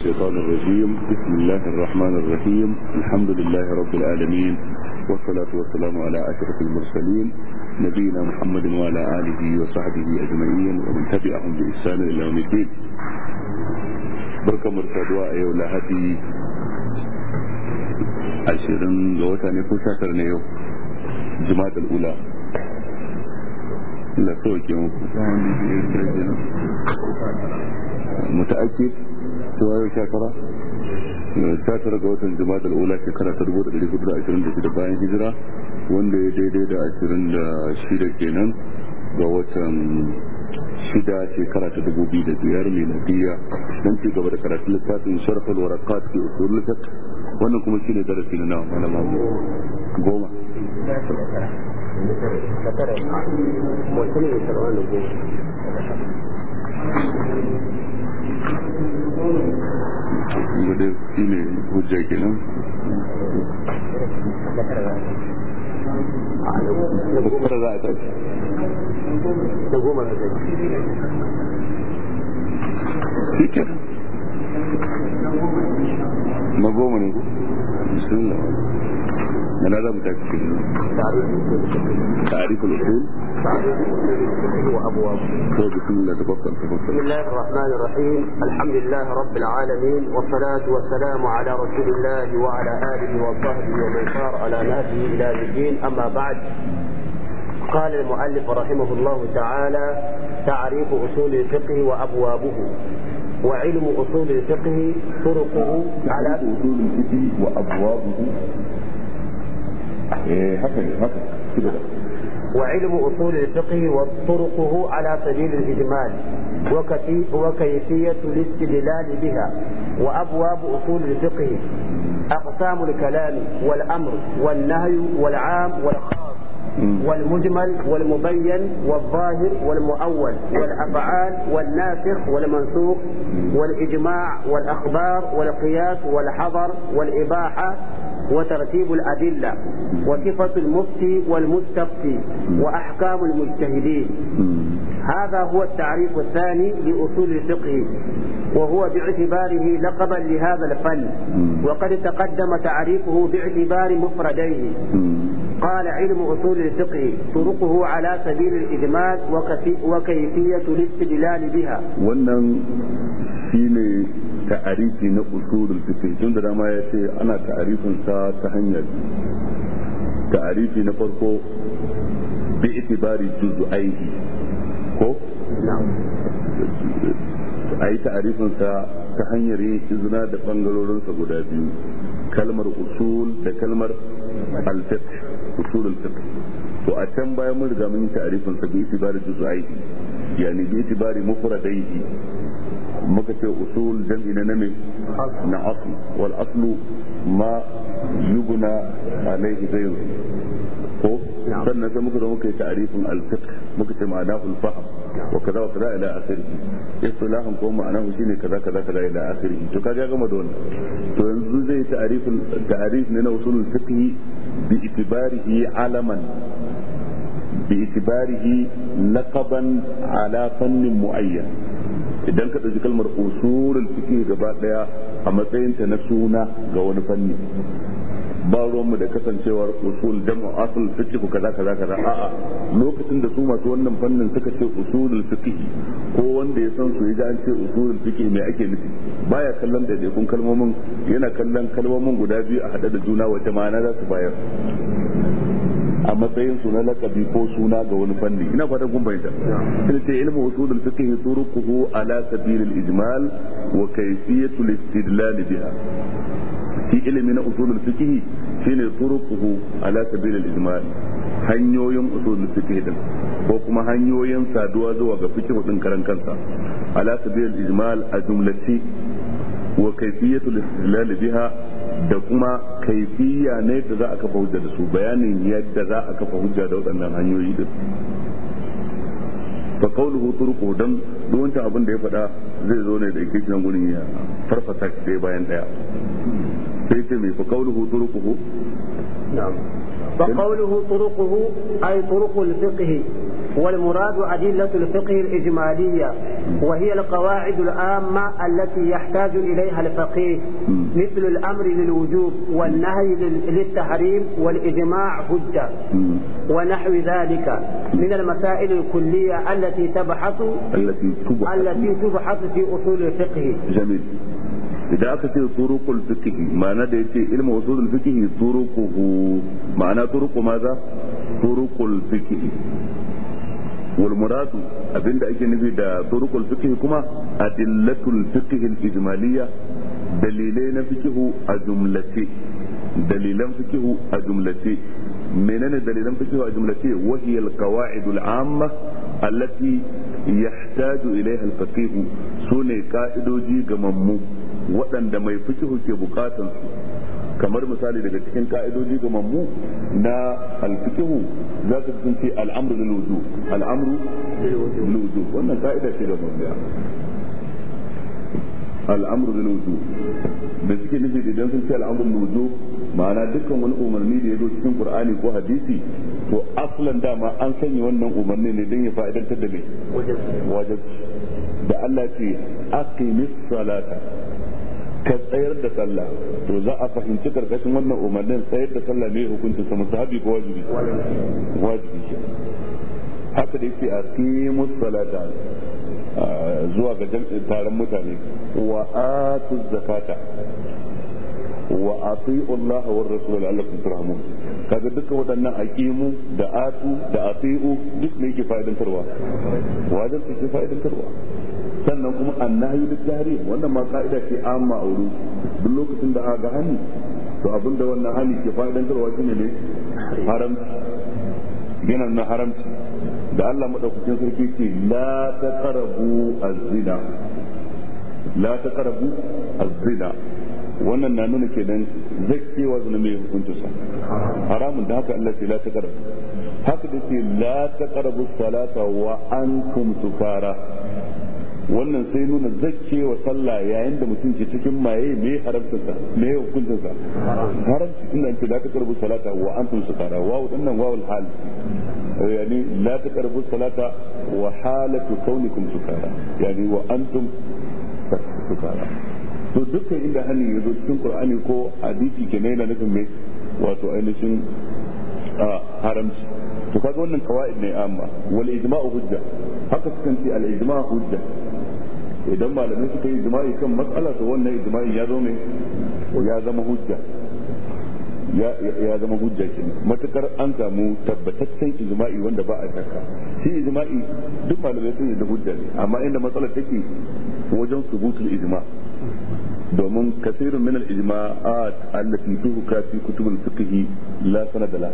الشيطان الرجيم بسم الله الرحمن الرحيم الحمد لله رب العالمين والصلاة والسلام على أشرف المرسلين نبينا محمد وعلى آله وصحبه أجمعين ومن تبعهم بإحسان إلى يوم الدين بركة مرتدوا أيو لهدي عشرين لوتا نكو ترنيو نيو جماعة الأولى لا سوكي متأكد cewa yau sha tara ga watan jima'a al'ula shekara ta dubu da da ashirin da bayan hijira wanda ya daidai da ashirin da shida kenan ga watan shida shekara ta dubu biyu da biyar don ci gaba da karatun littafin sharfal warakat ke usul littaf wannan kuma shi ne darasi na nawa mana mamu goma Thank you. gudu shi ne hujja kenan goma ne من هذا متأكد تعريف الأصول تعريف الأصول وأبواب بسم الله تفضل بسم الله الرحمن الرحيم الحمد لله رب العالمين والصلاة والسلام على رسول الله وعلى آله وصحبه ومن سار على نهجه إلى الدين أما بعد قال المؤلف رحمه الله تعالى تعريف أصول الفقه وأبوابه وعلم أصول الفقه طرقه على أصول الفقه وأبوابه إيه، هكذا هكذا كده وعلم أصول الفقه وطرقه على سبيل الإجمال وكيفية الاستدلال بها وأبواب أصول الفقه أقسام الكلام والأمر والنهي والعام والخاص والمجمل والمبين والظاهر والمؤول والأفعال والناسخ والمنسوخ والإجماع والأخبار والقياس والحظر والإباحة وترتيب الأدلة وصفة المفتي والمستفتي وأحكام المجتهدين هذا هو التعريف الثاني لأصول الفقه وهو باعتباره لقبا لهذا الفن وقد تقدم تعريفه باعتبار مفرديه قال علم أصول أصول طرقه على سبيل الإجمال وكيفية الاستدلال بها wannan shine ta'arifi na usulul fiqh tun dama ya ce ana ta'arifin sa ta hanyar ta'arifi na farko ko a yi ta'arifinsa ta hanyar yin izina da bangarorinsa guda biyu kalmar usul da kalmar alfiq usul alfiq to a can bayan mun riga mun yi ta'arifin sa bi itibari juz'ai yani bi itibari mufradaihi muka ce usul jam'i na name na asl wal aslu ma yubna alayhi ghayru ko sannan sai muka zo muka yi ta'arifin al-fiqh muka ce ma'ana al-fahm wa kaza wa kaza ila akhirih istilahan ko ma'ana shine kaza kaza kaza ila akhirih to kaga gama da wannan to yanzu zai ta'arifin ta'arif ne na usulul fiqh bi itibarihi alaman باعتباره لقبا على فن معين idan ka ɗauki kalmar usulul fiqh gaba ɗaya a matsayinta na suna ga wani fanni ba da kasancewar usul jam'u asul ko kaza kaza kaza a'a lokacin da su masu wannan fannin suka ce usulul fiqh ko wanda ya san su ya an ce usulul fiqh me ake nufi baya kallon da daidaikun kalmomin yana kallon kalmomin guda biyu a hada da juna wata ma'ana za su bayar a matsayin su na lakabi ko suna ga wani fanni ina fata kun bayyana ina ce ilmu usulul fiqh turuquhu ala sabil al ijmal wa kayfiyatu al istidlal biha shi ilimi na usulul fiqh shine turuquhu ala sabil al ijmal hanyoyin usulul fiqh din ko kuma hanyoyin saduwa zuwa ga fiqh din karan kansa ala sabil al ijmal a jumlati wa kayfiyatu al istidlal biha da kuma kaifiya ne da za a kafa hujja da su bayanin yadda za a kafa hujja da waɗannan hanyoyi da fa qawluhu turqu dan don abin da ya faɗa zai zo ne da yake cikin gurin ya farfasa bayan ɗaya sai ce mai fa qawluhu turquhu na'am وقوله طرقه أي طرق الفقه والمراد أدلة الفقه الإجمالية وهي القواعد العامة التي يحتاج إليها الفقيه مثل الأمر للوجوب والنهي للتحريم والإجماع حجة ونحو ذلك من المسائل الكلية التي تبحث التي تبحث, التي تبحث في أصول الفقه جميل idan aka ce turuqul fiqhi ma'ana da yace ilmu usulul fiqhi turuquhu ma'ana turuqu maza turuqul fiqhi wal muradu abinda ake nufi da turuqul fiqhi kuma adillatul fiqhi al ijmaliyya dalilai na fikihu a jumlace dalilan fikihu a jumlace menene dalilan fikihu a jumlace wahiyal qawaidul amma allati yahtaju ilaiha al faqih sune ka'idoji mammu. waɗanda mai fikihu ke bukatan su kamar misali daga cikin ka'idoji ga mammu na alfikihu za ka sun ce al'amru lil wujub al'amru lil wujub wannan ka'ida ce ga mamma al'amru lil wujub da suke nufi idan sun ce al'amru lil wujub ma'ana dukkan wani umarni da ya zo cikin qur'ani ko hadisi to aslan dama an sanya wannan umarni ne don ya fa'idantar da mai wajen da Allah ce aqimis salata ka tsayar da sallah to za a fahimci karkashin wannan umarnin tsayar da sallah ne hukuncin sa musabi ko wajibi wajibi haka da yake a qimu salata ah, zuwa ga taron mutane wa atu zakata wa ati'u Allah wa rasul la'allakum turhamun kaga dukkan waɗannan aqimu da atu da ati'u duk ne yake tarwa wajen su ke tarwa sannan kuma annahi da tahrim wannan ma ka'ida ce amma auru duk lokacin da aka hani to abinda wannan hani ke tarwa shine ne haram yana na haram da Allah madaukakin sarki ce la taqrabu az-zina la taqrabu az-zina wannan na nuna kenan zakewa zina mai hukuncin sa haramun da haka Allah ce la ta taqrabu haka da ke la ta taqrabu salata wa antum sukara wannan sai nuna zakewa sallah yayin da mutum ke cikin maye mai haramcin sa mai hukuncin sa haramci tunda ce la ta taqrabu salata wa antum sukara wa wannan wawul hal يعني salata wa الصلاة kaunikum sukara سكارى wa وأنتم sukara. to dukkan inda hannun ya zo cikin qur'ani ko hadisi ke na nufin mai wato ainihin haramci to kaga wannan qawaid ne amma wal ijma'u hujja haka sukan ce al ijma'u hujja idan malamai suka yi ijma'i kan matsala to wannan ijma'i ya zo ne ya zama hujja ya zama hujja kenan matukar an samu tabbataccen ijma'i wanda ba a shakka shi ijma'i duk malamai sun yi da hujja ne amma inda matsalar take wajen subutul ijma' domin kasirun min al-ijma'at allati tuhka fi kutub al-fiqh la sanad la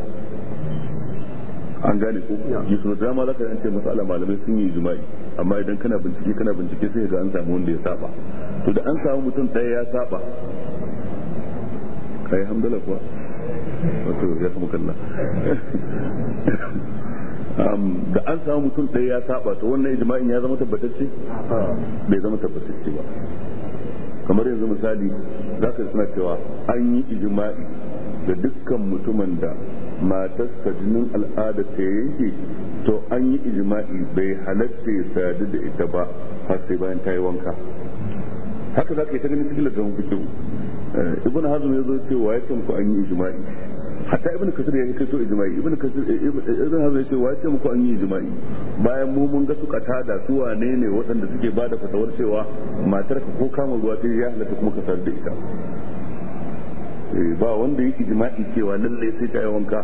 an gane ko yusuf da ma zaka an ce masala malamai sun yi ijma'i amma idan kana bincike kana bincike sai ga an samu wanda ya saba to da an samu mutum daya ya saba kai hamdala kuwa wato ya samu kalla da an samu mutum daya ya saba to wannan ijma'in ya zama tabbatacce ah. bai zama tabbatacce ba kamar yanzu misali za ka suna cewa an yi ijima'i da dukkan mutumin da matarsa jinin al'ada ta yanke to an yi ijima'i bai halatta ya sadu da ita ba har bayan ta yi wanka haka za ka yi ta ganin cikin da fikihu eh, ibn hazm ya zo cewa ya ku an yi ijima'i hatta ibn kasir ya kai to ijma'i ibn kasir eh, eh, ibn hazm yace wa ce muku an yi ijma'i bayan mu mun ga su kata da su wane ne waɗanda suke bada fatawar cewa matar ka ko kama ruwa ta ya halatta kuma ka sar da ita eh, ba wanda yake ijma'i cewa lalle sai ta yi wanka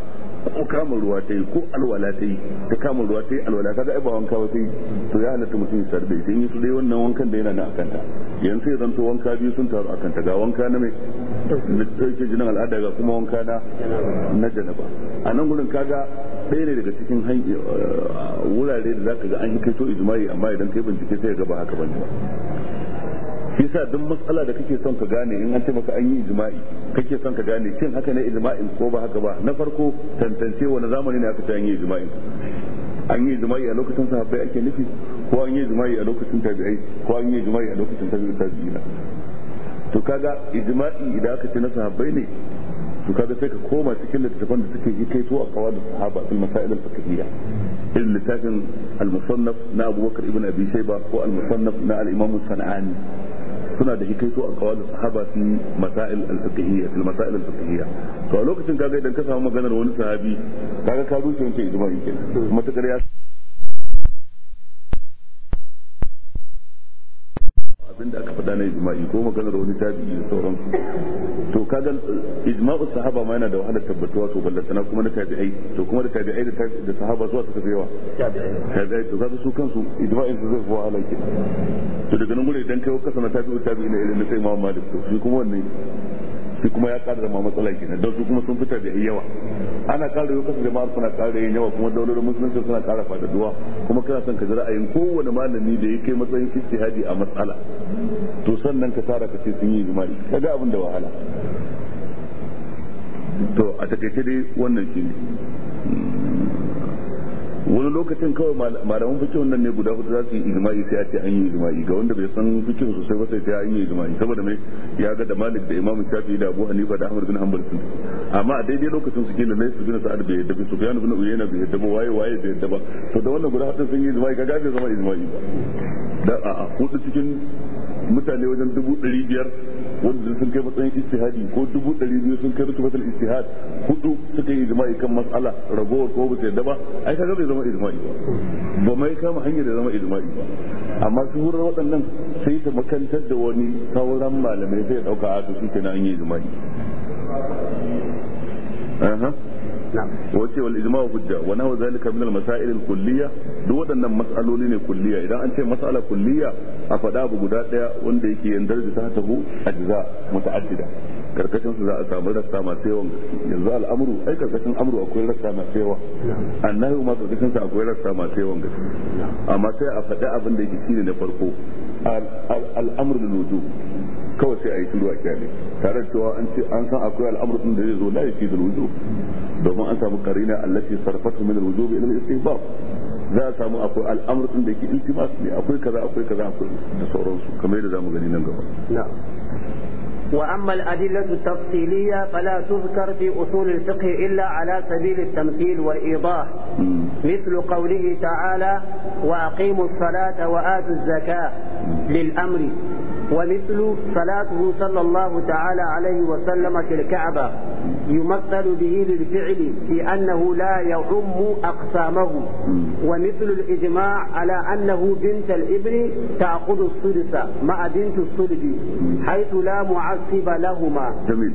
ko kama ruwa ta yi ko alwala ta yi ta kama ruwa ta yi alwala kaga ai ba wanka ba ta yi to ya halatta mutum ya sar da ita in yi su dai wannan wankan da yana na akanta yanzu ya zanto wanka biyu sun taru akanta ga wanka na mai na ɗauke jinin al'ada ga kuma wanka na na janaba a nan gudun kaga ɗaya ne daga cikin eh, wurare da zaka ga an yi kai to ijimai amma idan kai bincike sai gaba haka bane ba shi sa duk matsala da kake son ka gane in an ce maka an yi ijimai kake son ka gane shin haka ne ijimai ko ba haka ba na farko tantance wani zamani ne aka ce an yi ijimai an yi ijimai a lokacin sahabbai ake nufi ko an yi ijimai a lokacin tabi'ai ko an yi ijimai a lokacin tabi'ai to kaga ijma'i idan aka ce na sahabbai ne to kaga sai ka koma cikin littattafan da suke yi kai to a kawai da sahaba fil masail al fiqhiyya irin littafin al musannaf na abubakar ibn abi shayba ko al musannaf na al imam sanani suna da hikaito a kawai da sahaba fi masail al fiqhiyya fil masail al fiqhiyya to a lokacin kaga idan ka samu maganar wani sahabi kaga ka rushe wancan ijma'i kenan matakar ya abinda aka faɗa na ijma'i ko maganar wani tabi'i da sauransu to kaga ijma'u sahaba ma yana da wahalar tabbatuwa to ballantana kuma na tabi'ai to kuma da tabi'ai da sahaba zuwa suka fi yawa tabi'ai to kaga su kansu ijma'in su zai fi wahala ke to daga nan gure idan kai kasa na tabi'u tabi'i na irin na sai imam malik to shi kuma wannan shi kuma ya ƙara zama matsala kenan don su kuma sun fita da yawa ana ƙara yau kasa ma'arfa na ƙara yin yawa kuma daular musulunci suna ƙara faɗaɗuwa kuma kana son ka ji ra'ayin kowane malami da ya kai matsayin istihadi a matsala to sannan ka tara ka ce sun yi jima'i kaga abin da wahala to a takaice dai wannan shine wani lokacin kawai malaman fikihun wannan ne guda hudu za su yi ijma'i sai a ce an yi ijma'i ga wanda bai san fikihun sosai ba sai ta an yi ijma'i saboda mai ya ga da malik da imam shafi da abu hanifa da ahmad bin hanbal sun amma a daidai lokacin su kila laifin bin sa'ad bai yadda su bayan bin uyena bai yadda ba waye waye bai yadda ba to da wannan guda hudu sun yi ijma'i ga gafe zama ijma'i ba da a hudu cikin mutane wajen dubu ɗari biyar wanda sun kai matsayin istihadi ko dubu ɗari biyu sun kai rutubatul istihad hudu suka yi ijma'i kan mas'ala ragowar ko ba yadda ba ai kaga bai zama ijma'i ba ba mai kama hanyar da zama ijma'i ba amma su hurar waɗannan sai ta makantar da wani sauran malamai sai ya ɗauka a to shi kenan an yi ijma'i wace wal ijma'u hujja wa nahwa zalika min al masail al kulliyya duk waɗannan mas'aloli ne kulliyya idan an ce mas'ala kulliyya a faɗa bu guda ɗaya wanda yake yin darji ta tabu ajza muta'addida karkashin su za a samu rasta masu yawan yanzu al'amuru ai karkashin amru akwai rasta masu yawa annahi ma karkashin sa akwai rasta masu yawan gaske amma sai a faɗi abin da yake shine na farko al'amru lil wujub kawai sai a yi turu a kyale tare da cewa an ce an san akwai al'amru din da zai zo la yake da wujub domin an samu karina allati sarfatu min al ila al za a samu akwai al'amur din da yake intimas ne akwai kaza akwai kaza akwai da sauransu kamar yadda zamu gani nan gaba na wa amma fala وأما الأدلة التفصيلية فلا تذكر في أصول الفقه إلا على سبيل التمثيل والإيضاح مثل قوله تعالى وأقيموا الصلاة zakah الزكاة للأمر ومثل صلاته صلى الله تعالى عليه وسلم في الكعبة يمثل به للفعل في أنه لا يعم أقسامه ومثل الإجماع على أنه بنت الإبن تأخذ الثلث مع بنت الصلب حيث لا معصب لهما جميل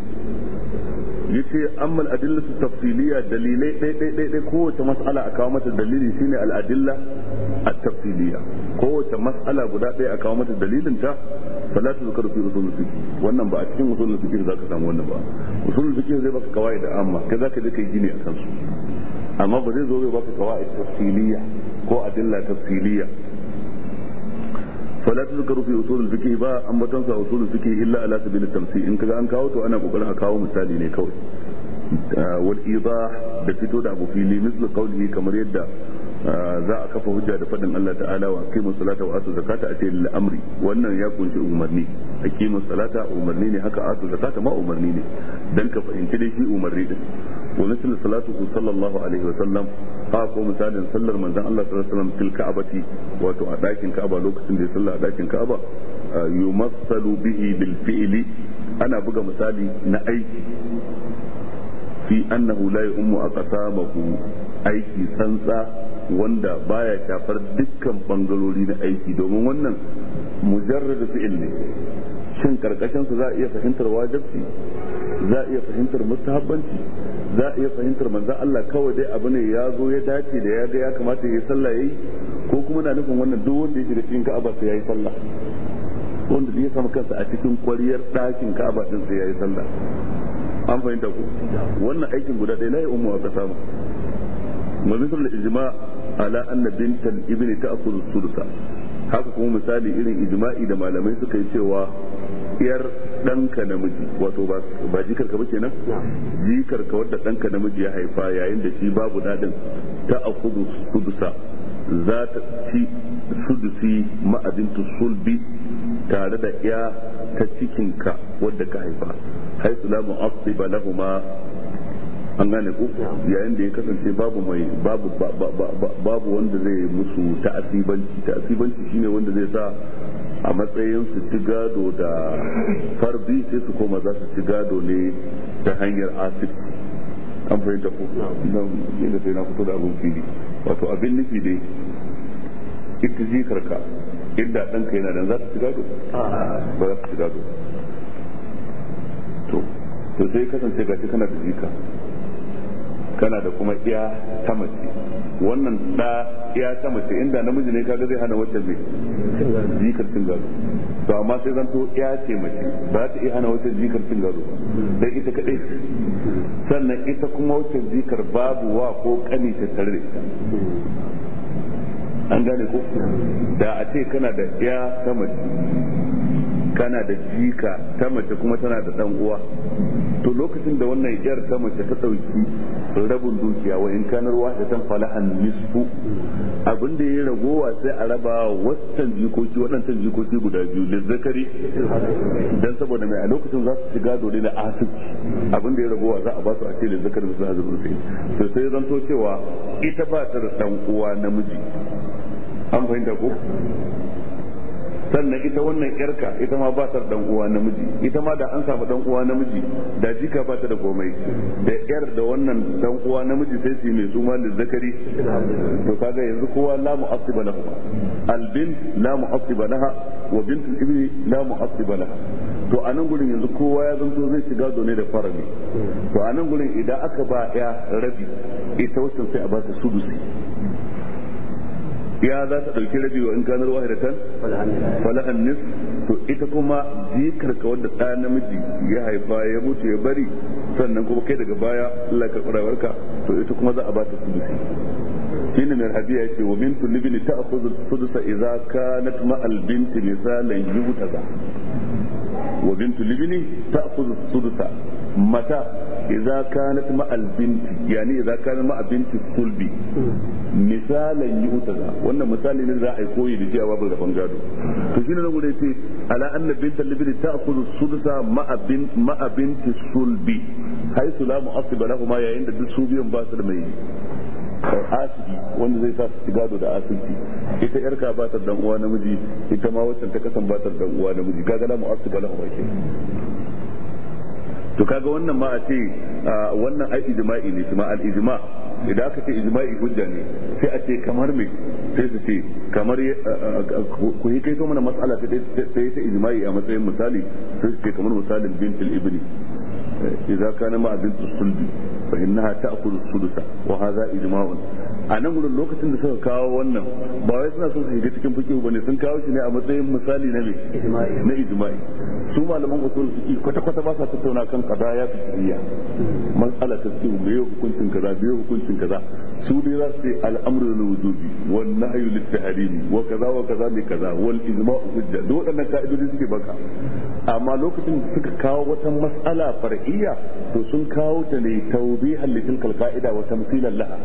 yace amma al-adillatu tafsiliya dalilai dai dai dai dai kowace mas'ala a kawo mata dalili shine al-adilla at-tafsiliya kowace mas'ala guda ɗaya a kawo mata dalilin ta fala ta zakaru fi usul fiqh wannan ba a cikin usul fiqh zaka samu wannan ba usul fiqh zai baka kawai da amma kai zaka je kai gini akan su amma ba zai zo zai baka kawai tafsiliya ko adilla tafsiliya wala tuzkaru fi usul al-fiqh ba ambaton sa usul al-fiqh illa ala sabil at in ka ga an kawo to ana kokarin a kawo misali ne kawai wal idah da fito da abu fili mislu qawlihi kamar yadda za a kafa hujja da faɗin Allah ta'ala wa aqimu salata wa atu zakata ate lil amri wannan ya kunshi umarni aqimu salata umarni ne haka atu zakata ma umarni ne dan ka fahimci dai shi wa salatu sallam a ko misalin sallar manzon Allah sallallahu alaihi wasallam fil ka'abati wato a dakin ka'aba lokacin da ya salla a dakin ka'aba yumassalu bihi bil fi'li ana buga misali na aiki fi annahu la yu'mu aqsamahu aiki tsantsa wanda baya shafar dukkan bangarori na aiki domin wannan mujarrad fi'il ne shin karkashin su za a iya fahimtar wajibi za a iya fahimtar mustahabbanci za a iya fahimtar manzo Allah kawai dai abu ne ya zo ya dace da ya ga ya kamata ya yi sallah yayi ko kuma na nufin wannan duk wanda ya da cikin ka'aba sai ya yi sallah wanda ya samu kansa a cikin kwariyar ɗakin ka'aba din sai ya yi sallah an fahimta ku wannan aikin guda ɗaya na yi umma ka samu majalisar da ijma ala anna bintan ibni ta'khudhu thulutha haka kuma misali irin ijma'i da malamai suka yi cewa yar ɗanka namiji wato ba jikarka ba kenan jikarka wadda ɗanka namiji ya haifa yayin da shi babu daɗin ta a kudusa za ta ci sudusi ma'adintu sulbi tare da ya ta cikinka wadda ka haifa haisu lamun asiba lahuma an gane ku yayin da ya kasance babu mai babu babu wanda zai musu ta'asibanci ta'asibanci shine wanda zai sa a matsayin su ci gado da farbi sai su koma za su ci gado ne ta hanyar asib an fahimta ko nan yadda sai na fito da abin fili wato abin nufi dai ita jikarka inda ɗanka yana nan za su ci gado ah. ba za su ci gado to to sai kasance gashi kana da jika kana da kuma iya ta mace wannan da ya ta mace inda namiji ne kaga zai hana wacce mai jikar cin gado to amma sai zanto ya ce mace ba ta iya hana wacce jikar cin gado dai ita kaɗai. sannan ita kuma wacce jikar babu wa ko kani ta tare an gane ko da a ce kana da ya ta mace kana da jika ta mace kuma tana da dan uwa to lokacin da wannan yar ta mace ta dauki rabin dukiya wa in kanar wahidatan falahan nisfu abin da ya ragowa sai a raba wasan jikoki waɗancan jikoki guda biyu da zakari dan saboda mai a lokacin za su shiga dole na asik abin da ya ragowa za a ba su a ce lizzakari su hazin rufe to sai zanto cewa ita ba ta da ɗan uwa namiji an fahimta ko sannan ita wannan yarka ita ma ba ta dan uwa namiji ita ma da an samu dan uwa namiji da jika ba ta da komai da yar da wannan dan uwa namiji sai su mai suma da zakari to kaga yanzu kowa la mu'assiba lahu al bint la mu'assiba laha wa bint ibni la mu'assiba laha to a nan gurin yanzu kowa ya zanto zai shiga zone da farami to a nan gurin idan aka ba ya rabi ita wacce sai a ba ta sudusi ya za ta ɗauki rabi wa in kanar wahidatan fala'an nis to ita kuma jikar ka wanda ɗa namiji ya haifa ya mutu ya bari sannan kuma kai daga baya Allah ka ka to ita kuma za a ba ta sulusi shine mai hadiya ce wa min tulibin ta'khudhu sudusa idza kanat ma'al binti misalan yutaza wa bintu libni ta'khudhu sudusa mata idza كانت مع البنت يعني yani idza مع بنت الصلب مثالا misalan yu'taza wannan misali ne za a yi koyi da نقول a على rafan gado to shine nan gure ce ala anna binta libni ta sudusa ma bin ma binti sulbi haythu la mu'assiba yayin da duk mai asiki wanda zai sa su gado da asiki ita yar ka batar dan uwa namiji ita ma wacce ta kasan batar dan uwa namiji kaga la mu'assiba lahumma kenan to kaga wannan ma a ce wannan ai ijma'i ne kuma al ijma idan aka ce ijma'i hujja ne sai a ce kamar me sai su ce kamar ku yi kaito mana mas'ala ta sai ta ijma'i a matsayin misali sai su ce kamar misalin bintul ibni eh, idza kana ma'a bintul sulbi fa innaha ta'kulu sulusa wa hadha ijma'un a nan wurin lokacin da suka kawo wannan ba wai suna son su shiga cikin fiqh bane sun kawo shi ne a matsayin misali na me na ijma'i su malaman usul fiqh kwata kwata ba sa tattauna kan qadaya fiqhiyya mas'ala ta ce me hukuncin kaza me hukuncin kaza su dai za su yi al'amru lil wujubi wan nahyu lit tahrim wa kaza wa kaza ne kaza wal ijma'u hujja duk waɗannan ka'idodi suke baka amma lokacin da suka kawo wata mas'ala far'iyya to sun kawo ta ne tawbihan litilkal ka'ida wa tamthilan laha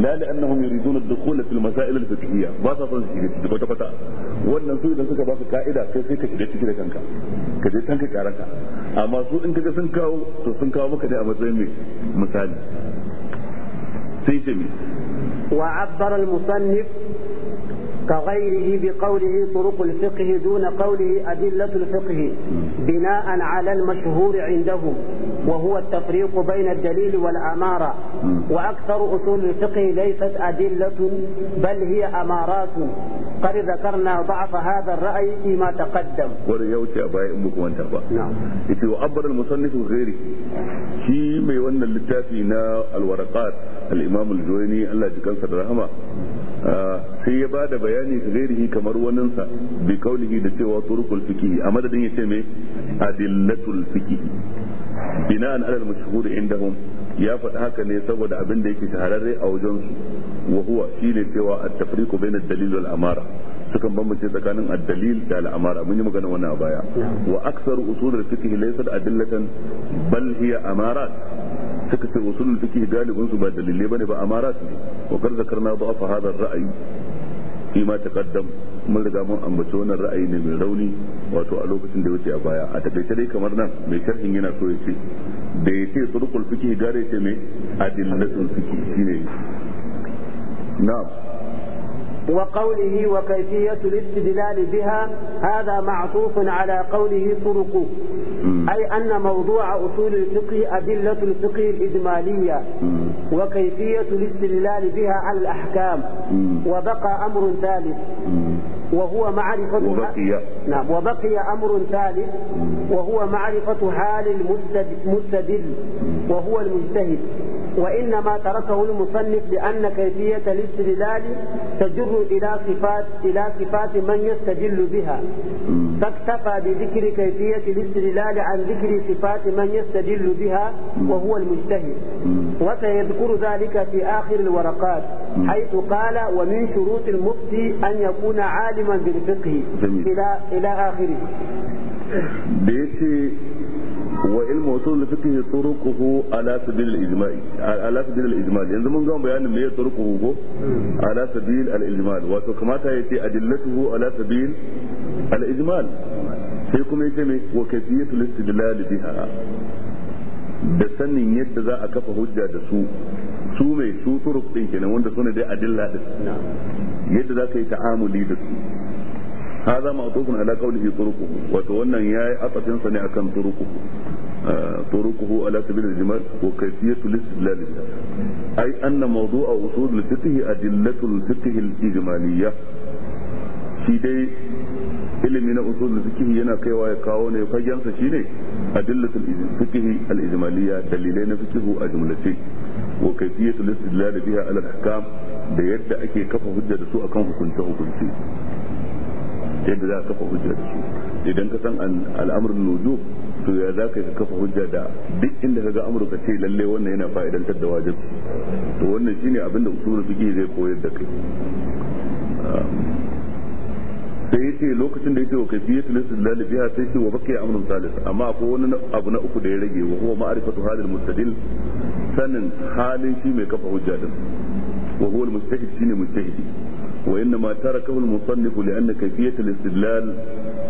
la لانهم يريدون الدخول في المسائل الفقهيه ba sa son su shiga wannan su idan suka baka ka'ida kai sai ka shiga kanka ka je amma su in kaga sun kawo to sun kawo maka ne a matsayin mai misali sai ce mi كغيره بقوله طرق الفقه دون قوله أدلة الفقه بناء على المشهور عندهم وهو التفريق بين الدليل والأمارة وأكثر أصول الفقه ليست أدلة بل هي أمارات قد ذكرنا ضعف هذا الرأي فيما تقدم ورجوت أبايا أمك وأنت أبا نعم أبر المصنف غيره في ميوانا للتافي الورقات الإمام الجويني الله يجزاه الرحمة sai ya bada bayani gairihi kamar waninsa bi kaulihi da cewa turukul fiqh a madadin ya ce me adillatul bina bina'an alal mashhur indahum ya faɗi haka ne saboda abin da yake shahararre a wajen su wa huwa shine cewa at-tafriqu bai ad-dalil wal amara sukan bambance tsakanin addalil da al'amara mun yi magana wannan a baya wa aksar usulul fiqh laysa adillatan bal hiya amarat suka ce usulul fiqh galibin su ba dalilai bane ba amarat ne wa kar zakarna da'af hadha ar-ra'yi fi ma taqaddam mun riga mun ambace wannan ra'ayi ne mai rauni wato a lokacin da wuce a baya a takaice dai kamar nan mai sharhin yana so ya ce da ya ce surukul fiqh gare ce mai adillatul fiqh shine na'am وقوله وكيفية الاستدلال بها هذا معطوف على قوله طرق أي أن موضوع أصول الفقه أدلة الفقه الإجمالية وكيفية الاستدلال بها على الأحكام وبقى أمر ثالث وهو معرفة وبقي نعم وبقي أمر ثالث وهو معرفة حال المستدل وهو المجتهد وإنما تركه المصنف لأن كيفية الاستدلال تجر إلى صفات إلى صفات من يستدل بها فاكتفى بذكر كيفية الاستدلال عن ذكر صفات من يستدل بها وهو المجتهد وسيذكر ذلك في آخر الورقات حيث قال ومن شروط المفتي أن يكون عالما بالفقه إلى إلى آخره. wa ilmu usul fiqh turuquhu ala sabil yanzu mun ga bayanin me ya turuquhu ko ala sabil kamata yace adillatuhu ala sabil al-ijmal sai kuma yace me wa kayfiyatul da yadda za a kafa hujja da su su mai su turuk din kenan wanda sune dai adilla din yadda za ka yi ta'amuli da su هذا معطوف على قوله طرقه وتولى ياي sa ne akan turuku. طرقه على سبيل الجمال وكيفية الاستدلال أي أن موضوع أصول الفقه أدلة الفقه الإجمالية shi dai ilimi na usul fikihi yana kaiwa ya kawo ne fagensa shine adillatul fikihi al-ijmaliyya dalilai na fikihu a jumlace wa kayfiyatul istidlal da yadda ake kafa hujja su akan hukunce yadda za a kafa su idan ka san al'amarin to ya za ka kafa hujja da duk inda ka ga amurka ce lalle wannan yana fa'idantar da wajib to wannan shine abin da usulul fiqh zai koyar da kai sai ya ce lokacin da ya ce wa biyu lil lalibiya sai ce wa baqiya amrun salis amma akwai wani abu na uku da ya rage wa kuma ma'arifatu halin mustadil sanin halin shi mai kafa hujja din wa huwa al mustahid shine mustahidi وإنما تركه المصنف لأن كيفية الاستدلال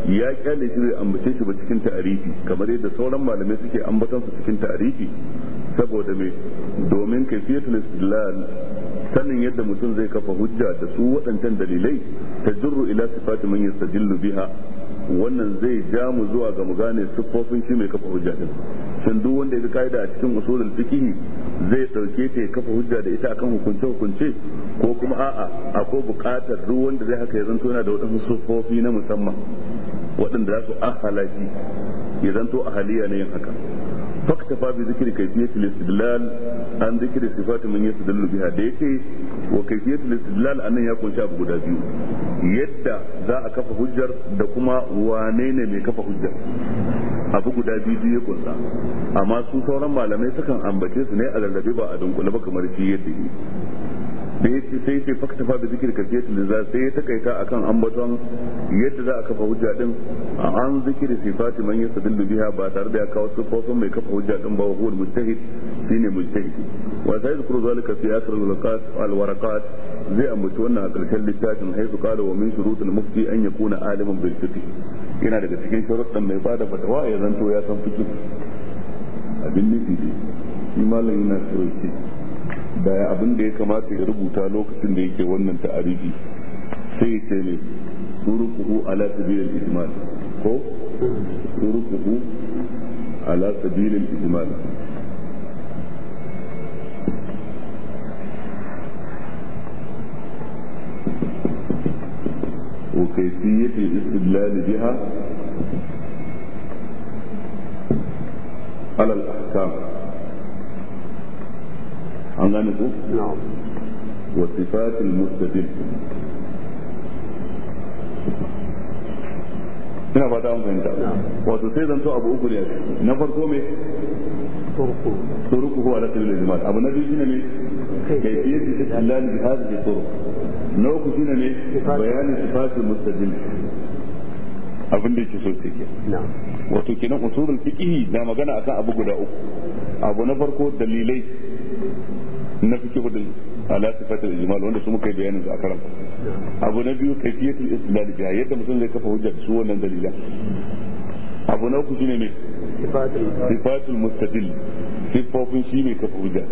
يا كان شيء أم بتشي بتكين تعريفي كما ريد سورا ما لم يسكي أم بتنسى تكين تعريفي سبو دمي دومين كيفية الاستدلال sanin yadda mutum zai kafa hujja da su waɗancan dalilai ta jirru ila sifati man yastajillu biha wannan zai ja mu zuwa ga mu gane siffofin shi mai kafa hujja din sun duk wanda ya kaida a cikin usulul fiqh zai dauke ta ya kafa hujja da ita akan hukunce hukunce ko kuma a'a akwai buƙatar duk wanda zai haka ya zanto yana da wadansu siffofi na musamman waɗanda za su ahala ya zanto ahaliya ne yin haka فاكتفى بذكر كيفية الاستدلال عن ذكر صفات من يستدل بها ديكي وكيفية الاستدلال أن يكون شاب قدابيو يدى ذا أكف حجر دكما وانين من كف حجر abu guda biyu biyu kunsa amma su sauran malamai sukan ambace su ne a lallabe ba a dunkule ba kamar shi yadda yi da ya ce sai ce fakta fa da zikir kafiya tilza sai ya takaita a akan ambaton yadda za a kafa hujja din a an zikiri sifati man yastadillu biha ba tare da ya kawo ko mai kafa hujja din ba wa huwa mujtahid shine mujtahid wa sai zikru zalika fi akhir al-waraqat al-waraqat zai ambaci wannan a karshen littafin haizu qala wa min shurut mufti an yakuna aliman bil fiqh yana daga cikin sharuɗan mai bada fatawa ya zanto ya san fiqh abin nufi ne shi malamin na so da ya abin da ya kamata ya rubuta lokacin da yake wannan ta'arifi sai ya ce ne turuquhu ala sabilil ijmal ko turuquhu ala sabilil ijmal وكيفية الاستدلال بها على الأحكام an gane ku? wa sifatil mustadil ina fata an fahimta wato sai zanto abu uku ne na farko me turuku huwa la tabil ijmal abu na biyu shine me kayfiyatu istidlal bi hadhihi turuq na uku shine me bayani sifatul mustadil abin da yake so take ke wato kenan usulul fiqh na magana akan abu guda uku abu na farko dalilai na fi kihudin ala sifatul ijmal wanda su muka yi bayanin su a karan abu na biyu kaifiyatul istidlal biha yadda mutum zai kafa hujjar su wannan dalilan abu na uku shine ne sifatul mustadil sifofin shi ne kafa hujja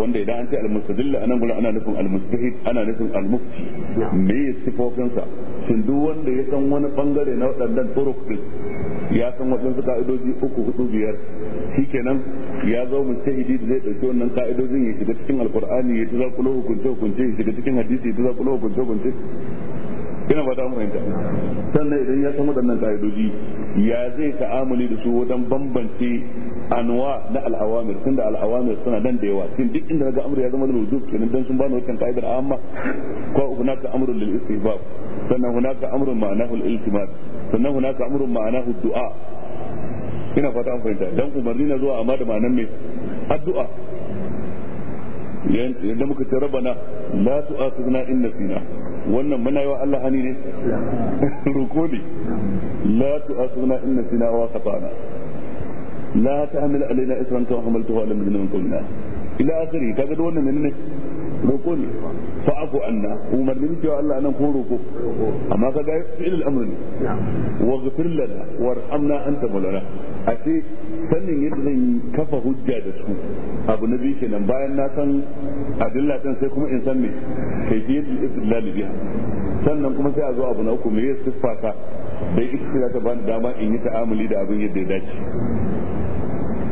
wanda idan an ce al-mustadil anan gurin ana nufin al-mustahid ana nufin al-mufti me ya siffofin sa shin duk wanda ya san wani bangare na waɗannan turuk ya san waɗansu ka'idoji uku hudu biyar shikenan ya zo mujtahidi da zai dauki wannan ka'idojin ya shiga cikin alkur'ani ya tazakulo hukunce hukunce ya shiga cikin hadisi ya tazakulo hukunce hukunce ina ba ta fahimta sannan idan ya san waɗannan ka'idoji ya zai ta'amuli da su wajen bambance anwa na al'awamir tunda al'awamir suna nan da yawa tun duk inda ga amru ya zama duk kenan dan sun bani wancan ka'idar amma ko hunaka amrun lil istihbab sannan hunaka amrun ma'anahu al-iltimas sannan hunaka amrun ma'anahu du'a ina fata an fahimta dan umarni na zuwa amma da ma'anar mai addu'a yadda muka ce rabana la tu'akhidna inna nasina wannan muna yi wa Allah hani ne ruko ne la tu'akhidna inna nasina wa qata'na la tahmil alaina isran kama wa ala min qablina ila akhiri kaga wannan menene roƙo ne fa aku anna umarnin wa Allah nan ko roƙo amma ka ga fi'il al-amr ne wa ghfir lana warhamna anta mawlana a ce sannin yadda zan kafa hujja da su abu na biyu kenan bayan na san adilla din sai kuma in san me kayfiyatul istidlal biha sannan kuma sai a zo abu na uku me ya siffa ka bai ita ta bani dama in yi ta'amuli da abin yadda ya dace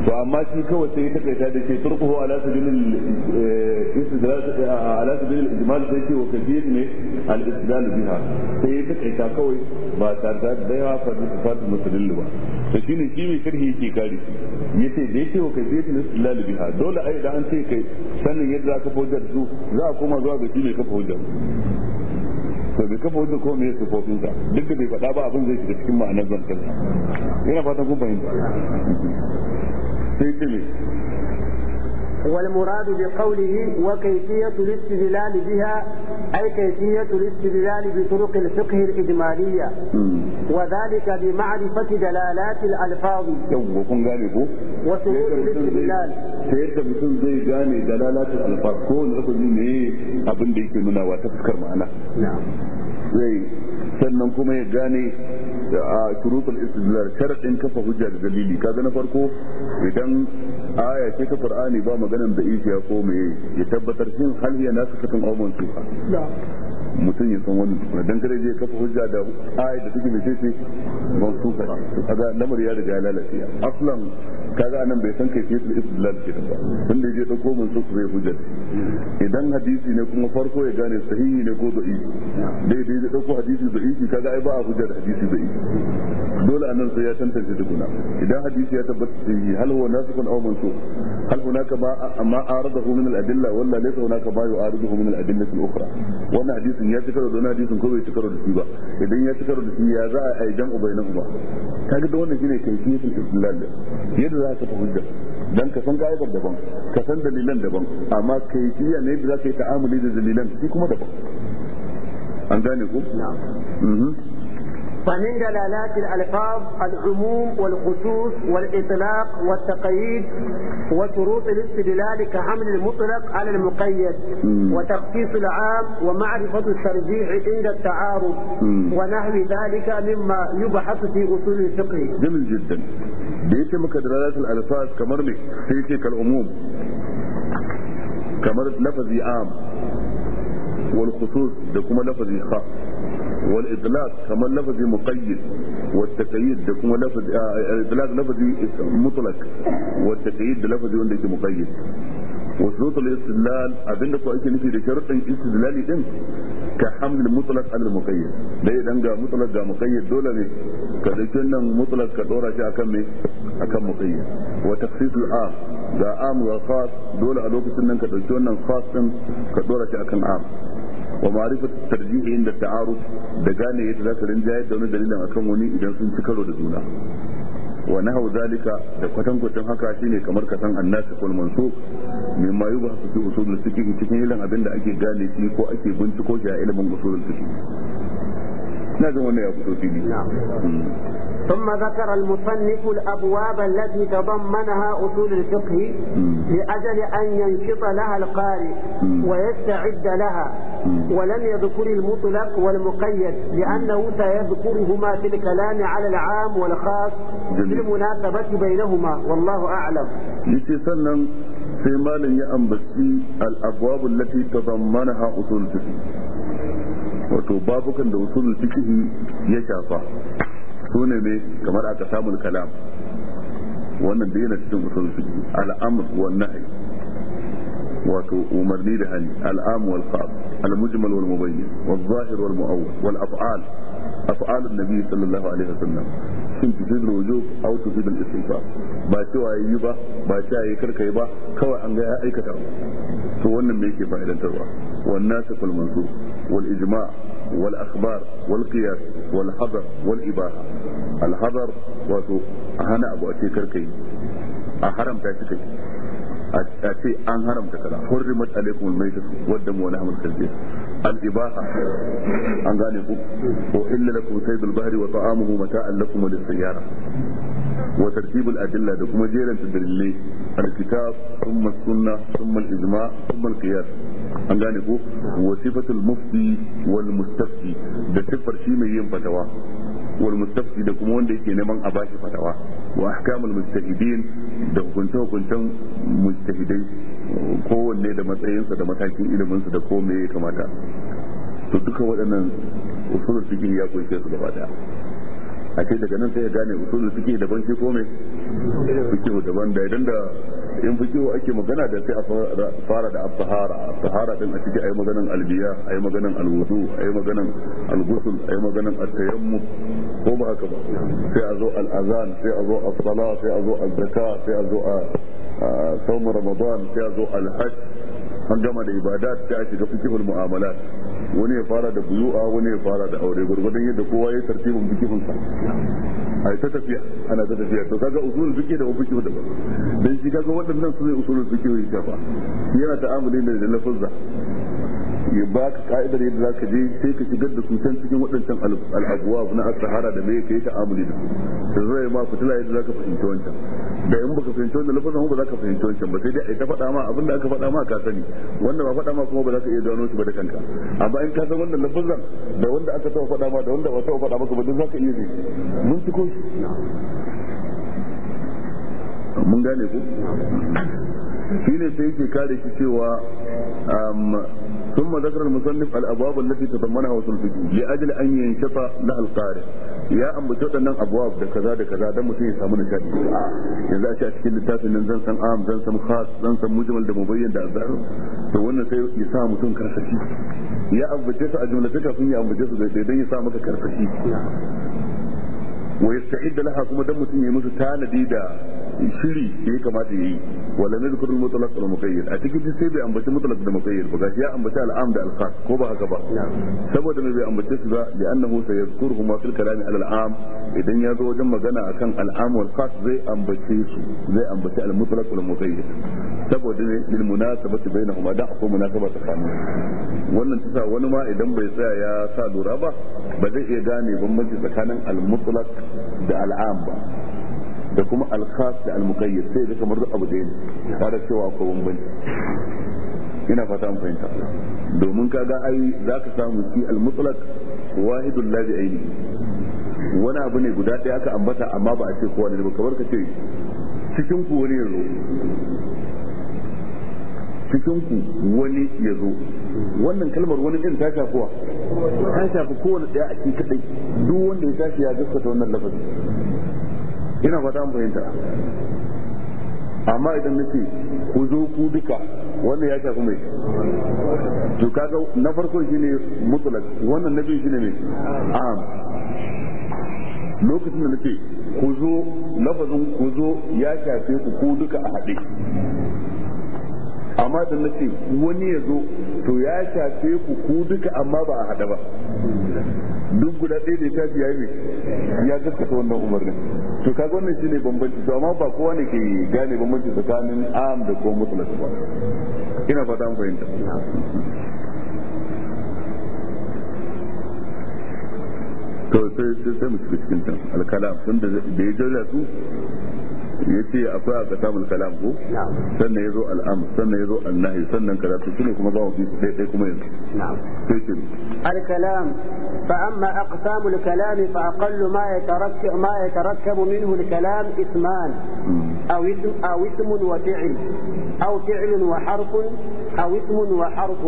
to amma shi kawai sai ta kaita da ke turquhu ala sabilil eh, istidlal eh, ala sabilil ijmal sai ce wa kabir ne al istidlal biha sai ta kaita kawai ba tare da daya fa da mustadil ba to shine shi mai sharhi yake kare shi yace da yake wa kabir ne istidlal biha dole ai da an ce kai sanin yadda aka fojar su za a koma zuwa ga shi mai kafa hujjar to bai kafa hujjar ko me ya sufofin sa duk da bai faɗa ba abin zai shiga cikin ma'anar zantar ina fatan kun fahimta والمراد بقوله وكيفية الاستدلال بها أي كيفية الاستدلال بطرق الفقه الإجمالية وذلك بمعرفة دلالات الألفاظ وسهول الاستدلال دلالات الألفاظ كون أبن معنا نعم زي سنن كما يقاني a shurutul istidlal sharadin kafa hujja da dalili kaga na farko idan aya ce ta qur'ani ba magana da isiya ko me ya tabbatar shin hal ya hiya nakasatun aw mansuha mutum ya san wani dan kare je kafa hujja da aya da take mece ce mansuha kaga lamar ya riga lalace aslan kaga nan bai san kai fitul istidlal ke ba wanda ya je dauko mun su zai hujjar idan hadisi ne kuma farko ya gane sahihi ne ko da'i daidai da dauko hadisi da'i kaga ai ba a hujjar hadisi da'i dole a nan sai ya tantance tukuna idan hadisi ya tabbata sahihi hal huwa nasikun aw mansukh hal hunaka ma amma aradahu min al-adilla walla laysa hunaka ba yu'ariduhu min al-adilla al-ukhra wannan hadisin ya ci karo da wannan hadisin ko bai ci da shi ba idan ya ci da shi ya za a yi jam'u bainahu ba kaga da wannan shine kaifiyatul istidlal yadda za ka hujja dan ka san ka'idar daban ka san dalilan daban amma ne za ka yi ta'amuli da dalilan shi kuma daban an gane ku فمن دلالات الألفاظ العموم والخصوص والإطلاق والتقييد وشروط الاستدلال كحمل المطلق على المقيد وتخصيص العام ومعرفة الترجيح عند التعارض ونحو ذلك مما يبحث في أصول الفقه جميل جدا da yake maka dalalatul alfaz kamar me sai yake kal umum kamar lafazi am wal khusus da kuma lafazi khas والإطلاق كما لفظ مقيد والتقييد ده كما لفظ الإطلاق لفظ da والتقييد wanda لفظ مقيد وشروط الاستدلال أبن لكو أيكي نفي لشرط الاستدلال دين كحمل المطلق على المقيد دي دنجا مطلق جا مقيد دولة لي كذلك مطلق كدورة جا أكم أكم مقيد وتخصيص الآم جا آم وخاص دولة ألوك سنن كذلك خاص كدورة جا أكم آم ومعرفة الترجيح عند التعارض دقاني يتذكر إن جايد دون دليل أكم وني إذا سنشكروا لدونا wa nahau zalika da kwatankwacin haka shi ne kamar ka san annasi wal mayu ba su fi usulul fiqh cikin ilan abinda ake gane shi ko ake binciko shi a ilimin usulul fiqh نعم ثم ذكر المصنف الابواب التي تضمنها اصول الفقه لاجل ان ينشط لها القارئ ويستعد لها ولم يذكر المطلق والمقيد لانه سيذكرهما في الكلام على العام والخاص بالمناسبه بينهما والله اعلم. sai malin ya الابواب التي تضمنها اصول الفقه. wato babukan da usulul fiqhi ya shafa sune ne kamar aka samu kalam wannan da yana cikin usulul fiqhi al-amr wan nahy wato umarni da hali al-am wal qab al-mujmal wal mubayyin wal zahir wal mu'awwal wal af'al af'al an-nabi sallallahu alaihi wasallam shin tufid al-wujub aw tufid al-istighfar ba cewa yi ba ba cewa yi karkai ba kawai an ga ya aikata to wannan me yake fa'idantarwa wannan ta kulmansu والإجماع والأخبار والقياس والحظر والإباحة الحظر واتو هنا أبو أتي كركي أحرم تاتي أتي أن هرم تكلا حرمت عليكم الميتة والدم ولحم الخنزير الإباحة أن ذلك وإلا لكم سيد البحر وطعامه متاء لكم وللسيارة وترتيب الأدلة دكما جيرا تدللي الكتاب ثم السنة ثم الإجماع ثم القياس an gane ko wasifatul mufti wal mustafti da siffar shi mai yin fatawa wal da kuma wanda yake neman a bashi fatawa wa ahkamul mujtahidin da hukunta hukuntan mujtahidai kowanne da matsayinsa da matakin iliminsa da ko me ya kamata to duka waɗannan usulul fiqh ya kunshe su gaba daya a ce daga nan sai ya gane usulul suke daban shi ko me fiqh daban da idan da in fiqh ake magana da sai a fara da at-tahara din a ciki ayi maganan albiya ayi maganan alwudu ayi maganan alghusl ayi maganan atayammu ko ba haka ba sai a zo al-azan sai a zo as-salat sai a zo az-zakat sai a zo a sawm ramadan sai a zo al-hajj an gama da ibadat ta shiga fikihul mu'amalat wani ya fara da buyu'a wani ya fara da aure gurgurdan yadda kowa ya tartibin fikihun sa ai ta tafiya ana ta tafiya to kaga usul fiqh da fiqh da dan shi kaga waɗannan su ne usulul fiqh ya shafa yana ta'amuli da lafazza ya ka ka'idar yadda ka je sai ka shigar da su can cikin waɗancan al'abuwa na as-sahara da me kai ta'amuli da su da zai ma fitila yadda za ka fahimci wancan da in ka fahimci wannan lafazin ba ka fahimci wancan ba sai dai ai ta faɗa ma abin da aka faɗa ma ka sani wanda ba faɗa ma kuma ba ka iya gano shi ba da kanka amma in ka san wannan lafazin da wanda aka taɓa faɗa ma da wanda ba taɓa faɗa maka ba duk ka iya ji mun ci ko mun gane ko Shi ne sai ke kare shi cewa sun ثم ذكر المصنف الابواب التي تضمنها وصول الفقه لاجل ان ينشط na القارئ ya ambaci nan abubuwa da kaza da kaza don mutum ya samu nishadi yanzu a ce a cikin littafin nan zan san am zan san khas zan san mujmal da mubayyan da azhar to wannan sai ya sa mutum karfashi. ya ambace su a jumlace kafin ya ambace su daidai don ya sa maka karfashi. wa yasta'id laha kuma dan mutum ya musu tanadi da shiri da ya kamata yi wala ne zikrul mutlaq wal muqayyad a cikin sai bai ambaci mutlaq da muqayyad ba gashi ya ambaci al'am da al-khas ko ba haka ba saboda me bai ambace su ba da annahu sayadhkuruhu ma fil kalam al idan ya zo wajen magana akan al'am wal khas zai ambace su zai ambaci al-mutlaq wal muqayyad saboda ne lil munasabati bainahuma da akwai munasaba tsakanin wannan tasa wani ma idan bai tsaya ya sa lura ba ba zai iya gane bambanci tsakanin al-mutlaq da al'am ba da kuma alkhas da almuqayyad sai da kamar abu da yake da cewa akwai bambanci ina fata an fahimta domin kaga ai zaka samu shi almutlaq wahidul ladhi aini wani abu ne guda ɗaya aka ambata amma ba a ce kowa ne ba kamar ka ce cikin ku wani yazo cikin ku wani yazo wannan kalmar wani din ta shafuwa ta shafi kowane ɗaya a cikin kadai duk wanda ya tashi ya gaskata wannan lafazin ina fata mu fahimta amma idan nace ku zo ku duka wannan ya shafi mai to kaga na farko shine mutlak wannan na biyu shine mai am lokacin da nace ku zo lafazin ku zo ya shafe ku ku duka a haɗe amma idan nace wani ya zo to ya shafe ku ku duka amma ba a haɗe ba duk guda ɗaya da ya tashi ya yi ya gaskata wannan umarnin to kaga wannan shine bambanci to amma ba kowa ne ke gane bambanci tsakanin am da ko mutlaq ba ina fata mun fahimta to sai sai mu shiga cikin can alkalam tunda da ya jira su ya ce akwai a katamul kalam ko sannan ya zo al'am sannan ya zo annahi sannan karatu su ne kuma ba wafi su ɗaya kuma yanzu sai ce الكلام فأما أقسام الكلام فأقل ما يتركب ما يتركب منه الكلام اسمان أو اسم أو اسم وفعل أو فعل وحرف أو اسم وحرف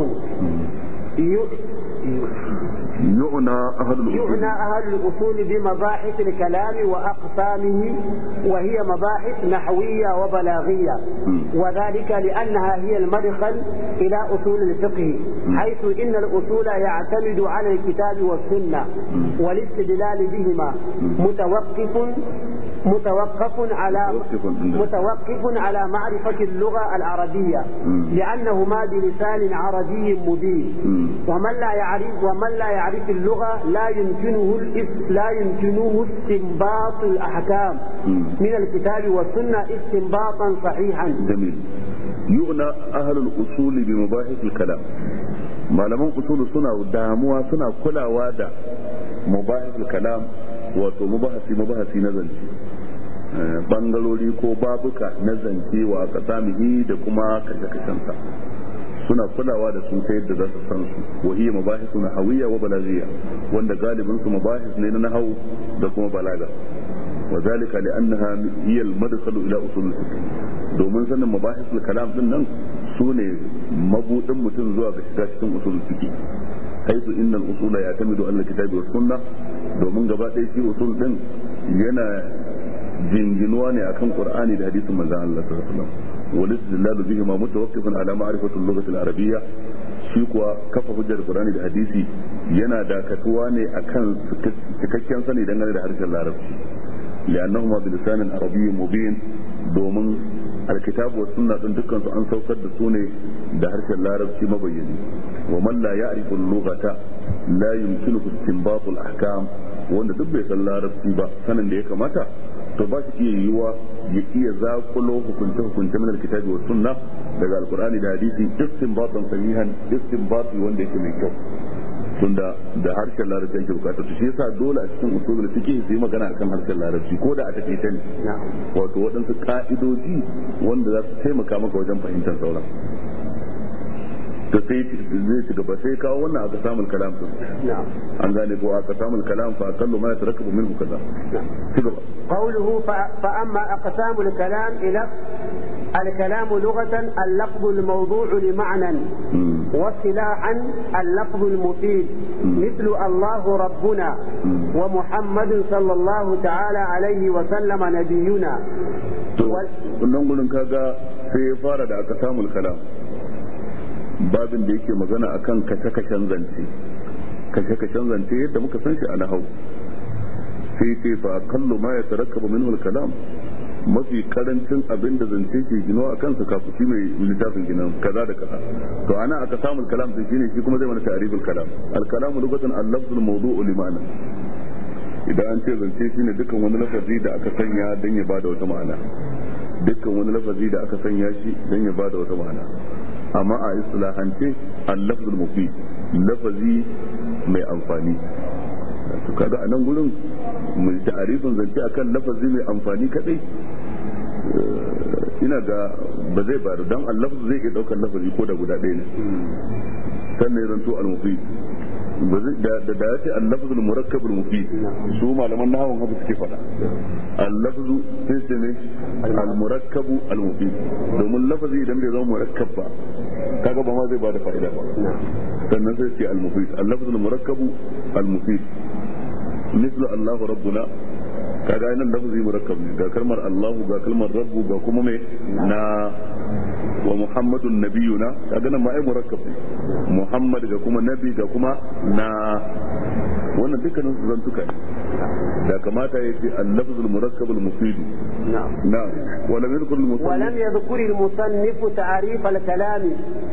يؤنى أهل الأصول يؤنى أهل الأصول بمباحث الكلام وأقسامه وهي مباحث نحوية وبلاغية وذلك لأنها هي المدخل إلى أصول الفقه حيث إن الأصول يعتمد على الكتاب والسنة والاستدلال بهما متوقف متوقف على متوقف على معرفة اللغة العربية لأنهما بلسان عربي مبين ومن لا يعرف ومن لا يعرف عارف اللغة لا يمكنه لا يمكنه استنباط الأحكام من الكتاب والسنة استنباطا صحيحا جميل يغنى أهل الأصول بمباحث الكلام ما لم أصول سنة وداموا سنة كل وادة مباحث الكلام وتو مباحث مباحث نزل آه، بنغلوري كو بابك نزل كي وكتامه دكما كتكشنطا suna kulawa da su ta yadda za su san su wa hiya mabahisu na hawiya wa balaghiya wanda galibin su mabahis ne na nahawu da kuma balaga wa zalika li annaha hiya al madkhalu ila usul fiqh domin sanin mabahis al kalam din nan sune mabudin mutum zuwa ga shiga cikin usul fiqh حيث ان الاصول يعتمد على الكتاب والسنه domin gaba ɗaya shi usul din yana jinginuwa ne akan qur'ani da hadisin manzon Allah sallallahu alaihi wasallam والاستدلال بهما متوقف على معرفة اللغة العربية shi kuwa kafa hujjar Qur'ani da hadisi yana dakatuwa ne akan cikakken sani dangane da harshen Larabci li'annahuma bi lisanin arabiyyin mubin domin alkitabu wa sunna din dukkan an saukar da su ne da harshen Larabci mabayyani wa man la ya'rifu al-lughata la yumkinu istinbat ahkam wanda duk bai san Larabci ba sanin da ya kamata to ba shi iya yiwuwa ya iya zakulo hukunce hukunce min kitabi wa sunna daga alkurani da hadisi samihan, sahihan istinbati wanda yake mai kyau tunda da harshen larabci ake bukata to shi yasa dole a cikin usulul fiqh sai magana akan harshen larabci ko da a take ta ne wato waɗansu ka'idoji wanda za su taimaka maka wajen fahimtar sauran to sai zai ci gaba sai kawo wannan aka samun kalam din an gane ko aka samun kalam fa kallu ma yatarakabu minhu kaza ci gaba qawluhu fa amma aqsamul kalam ila الكلام لغة اللفظ الموضوع لمعنى واصطلاحا اللفظ المفيد مثل الله ربنا ومحمد صلى الله تعالى عليه وسلم نبينا. نقول كذا في فارد أقسام الكلام. babin da yake magana a kan kashe-kashen zance kashe-kashen zance yadda muka san shi a nahau sai ce fa kallo ma ya ba min kalam mafi karancin abin da zance ke gino a kansa kafu shi mai littafin ginin kaza da kaza to ana aka samu kalam din shine shi kuma zai mana ta'riful kalam al kalamu lugatan al lafzul mawdu'u limana idan an ce zance shine dukkan wani lafazi da aka sanya dan ya bada wata ma'ana dukkan wani lafazi da aka sanya shi dan ya bada wata ma'ana amma a islahance al-lafzul mufi lafazi mai amfani to kaga a nan gurin mu ta'arifin zance akan lafazi mai amfani kadai eh, ina ga ba zai bari dan al-lafz zai iya daukar lafazi ko da guda ɗaya ne sannan ya zanto al mufi da da yace ce al-lafzul murakkabul mufi su malaman nahawun haka suke faɗa al-lafzu sai ce ne al-murakkabu al-mubin domin lafazi idan bai zama murakkab ba kaga ba ma zai bada fa'ida ba sannan sai ce al-mufid al-lafzu al-murakkabu al-mufid mislu Allah rabbuna kaga nan lafzi murakkab ne ga kalmar Allahu ga kalmar rabbu ga kuma me na wa muhammadun nabiyuna kaga nan ma ai murakkab ne muhammad ga kuma nabi ga kuma na wannan dukkanin su zantuka نعم. لا كما تأتي اللفظ المركب المفيد نعم نعم ولم يذكر المصنف ولم يذكر المصنف تعريف الكلام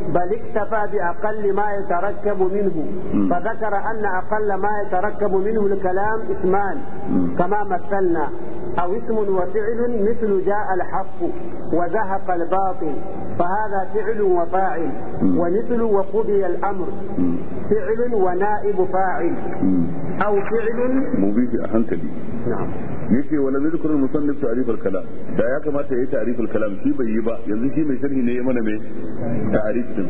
بل اكتفى بأقل ما يتركب منه م. فذكر أن أقل ما يتركب منه الكلام اسمان كما مثلنا أو اسم وفعل مثل جاء الحق وذهب الباطل فهذا فعل وفاعل ومثل وقضي الأمر فعل ونائب فاعل aw fi'lun a hankali na'am yace wala zikru musannif ta'rif al-kalam da ya kamata yayi ta'rif al-kalam shi bai yi ba yanzu shi mai sharhi ne ya mana mai ta'rif din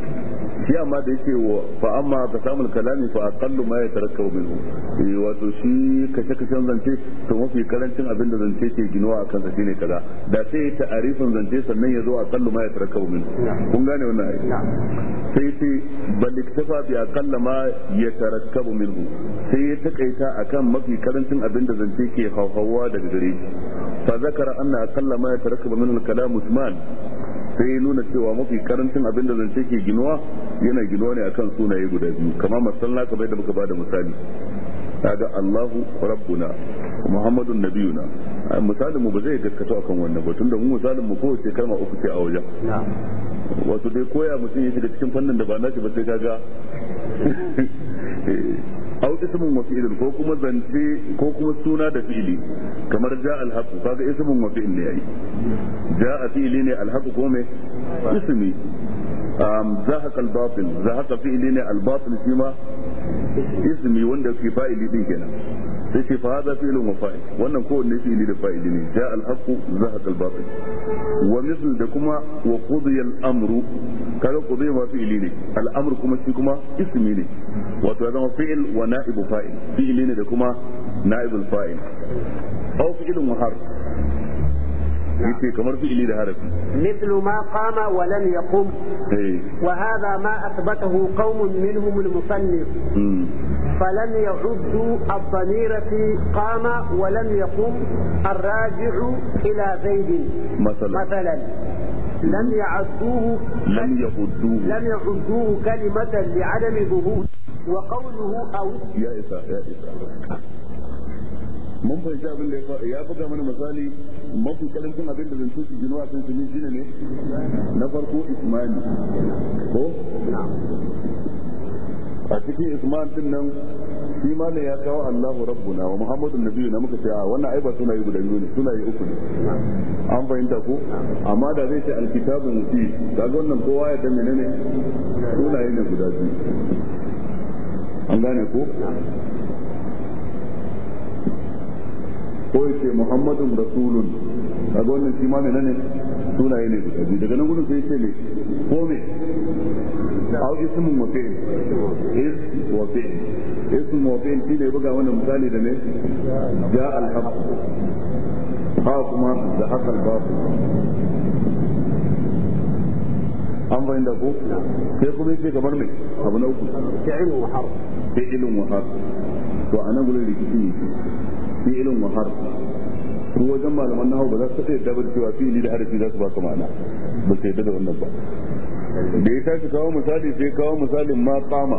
shi amma da yake wa fa amma ka samu kalami fa aqallu ma yatarakkabu minhu eh wato shi kashe kashen zance to mafi karancin abin da zance ke ginuwa akan sa shine kaza da sai ta'arifin zance sannan ya zo aqallu ma yatarakkabu minhu kun gane wannan ai sai sai bal iktafa bi aqalla ma yatarakkabu minhu sai ya takaita akan mafi karancin abin da zance ke hawhawa daga gare shi fa zakara anna aqalla ma yatarakkabu minhu al-kalam Usman sai ya nuna cewa mafi karancin abin da zance ke ginuwa yana ginuwa ne akan sunaye guda biyu kama masallaka kamar da muka bada misali kaga Allahu rabbuna Muhammadun nabiyuna misalin mu ba zai gaskato akan wannan ba tunda mu misalin mu kowace kalma uku ce a wajen wato dai koya mutum ya shiga cikin fannin da ba nashi ba sai kaga ismun wa ko kuma zance ko kuma suna da fi'li kamar ja kaga ne yayi ja ne ko me ismi zahaqa zahaqa ne shi ma ismi wanda ke fa'ili din kenan sai ce fa hadha fi'lun wa fa'il wannan kowanne fi'ili da fa'ili ne ja al haqu zahaqa al batil wa mithl da kuma wa qudiya al amru kaga qudiya ma fi'ili ne al amru kuma shi kuma ismi ne wato ya zama fi'il wa na'ibu fa'il fi'ili ne da kuma na'ibul fa'il aw fi'lun wa harf نعم. مثل ما قام ولم يقم إيه. وهذا ما اثبته قوم منهم المصنف فلم يعدوا الضمير في قام ولم يقم الراجع إلى زيد مثلا, مثلا لم يعدوه لم يعدوه لم يعدوه كلمة لعدم ظهور وقوله أو يا إسا يا إسا mun fahimci abin da ya buga mana misali mafi karancin abin da zance su jinuwa sun su jini ne na farko ismani ko a cikin isman din nan shi ma ne ya kawo Allahu rabbuna wa Muhammadu nabiyyu na muka ce a wannan ai suna yi guda biyu ne yi uku ne an fahimta ko amma da zai ce alkitabu muti ga wannan kowa ya ne suna yi ne guda biyu an gane ko ko ya ce muhammadun rasulun a wannan shi ma mai ne sunaye ne da biyu daga nan gudun sai ce ne ko me au ismun wa fi'l is wa fi'l ismun wa fi'l shi ne buga wannan misali da ne ja al ba ha kuma da haka babu an bayan da ko sai kuma yake kamar mai abu na uku fi'lun wa harf fi'lun wa a to anan gurin rikici ne fi'ilin wa harf ko wajen malaman nahawu ba za su tsaye da cewa ni da harfi za su ba ka ma'ana ba su yadda da wannan ba da ya tashi kawo misali sai kawo misalin ma kama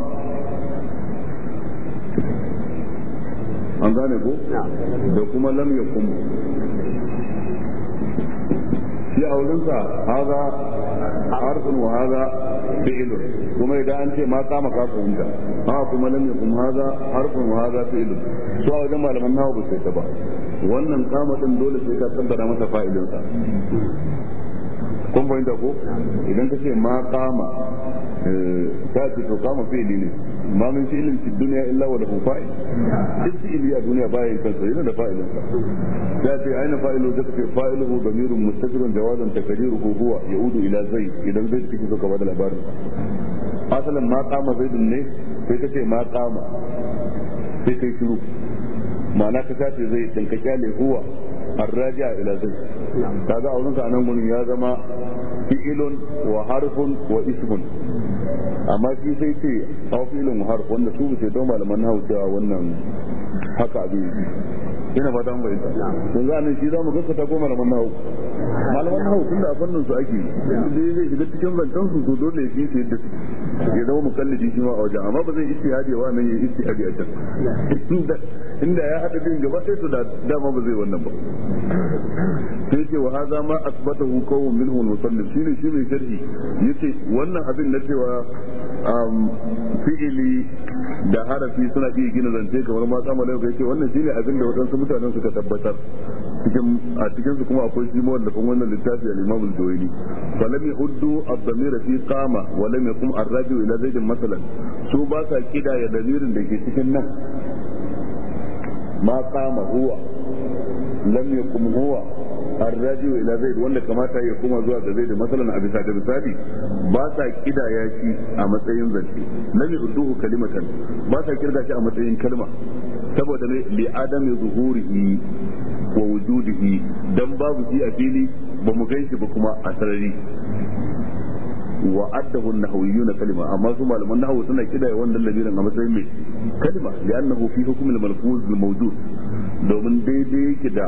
an gane ko da kuma lam yakum shi a wurinsa haza harfin wa haza fi'ilun kuma idan an ce ma kama ka fahimta ha kuma lam yakum haza harfun wa haza fi'lun su a wajen malaman nawa ba sai ta ba wannan kama din dole sai ka kaddara masa fa'ilin sa kun fahimta ko idan ka ce ma kama eh, ta ce to kama fi'li ne ma min fi'lin fi dunya illa wa lahu fa'il duk fi'li a duniya baya yin kansa yana da fa'ilin sa ta ce aina fa'ilu da ce fa'iluhu damirun mustajirun jawazan takriruhu huwa yaudu ila zaid idan zaid kike so ka bada labarin asalin ma kama zaidun ne sai ka ce ma kama sai kai shiru ma'ana ka sace zai dinka kyale huwa rajiya ila zai za a wurin anan gurin ya zama fi'ilun wa harfun wa ismun amma shi sai ce aw fi'ilun wa harfun wanda su ce don malaman nahawu cewa wannan haka abin yi. ina ba dan bai yanzu nan shi za mu zamu gaskata ko malaman nahawu malaman tun da a fannin su ake dai zai shiga cikin zancen su to dole ya fi su yadda su ya zama mukallidi shi ma a wajen amma ba zai istihadi wa nan ya istihadi a can inda ya hada bin gaba ɗaya su da dama ba zai wannan ba sai ce wa haza ma asbatahu qawmun minhum al-musannif shine shi ne shi mai sharhi yace wannan abin na cewa um, fi'ili da harafi suna iya gina zance kamar ma kama da yace wannan shi ne abin da waɗansu mutanen suka tabbatar cikin a cikin su kuma akwai shi mawallafin wannan littafi a limamul al ba lami hudu a damira fi kama wa kuma yaqum ar-rajul ila zaidin matsalan su ba sa kida ya damirin da ke cikin nan ma kama huwa lam yaqum huwa الراديو ila زيد wanda kamata ya koma zuwa ga da masalan a bisa ga misali ba sa ya shi a matsayin zance lami yudduhu kalimatan ba sa kirga shi a matsayin kalma saboda ne li adami zuhurihi wa wujudihi dan babu shi a fili ba mu shi ba kuma a sarari wa addahu an na kalima amma su malaman nahwu suna kidaya wannan labirin a matsayin mai kalima annahu fi hukm al-malfuz al-mawjud domin daidai yake da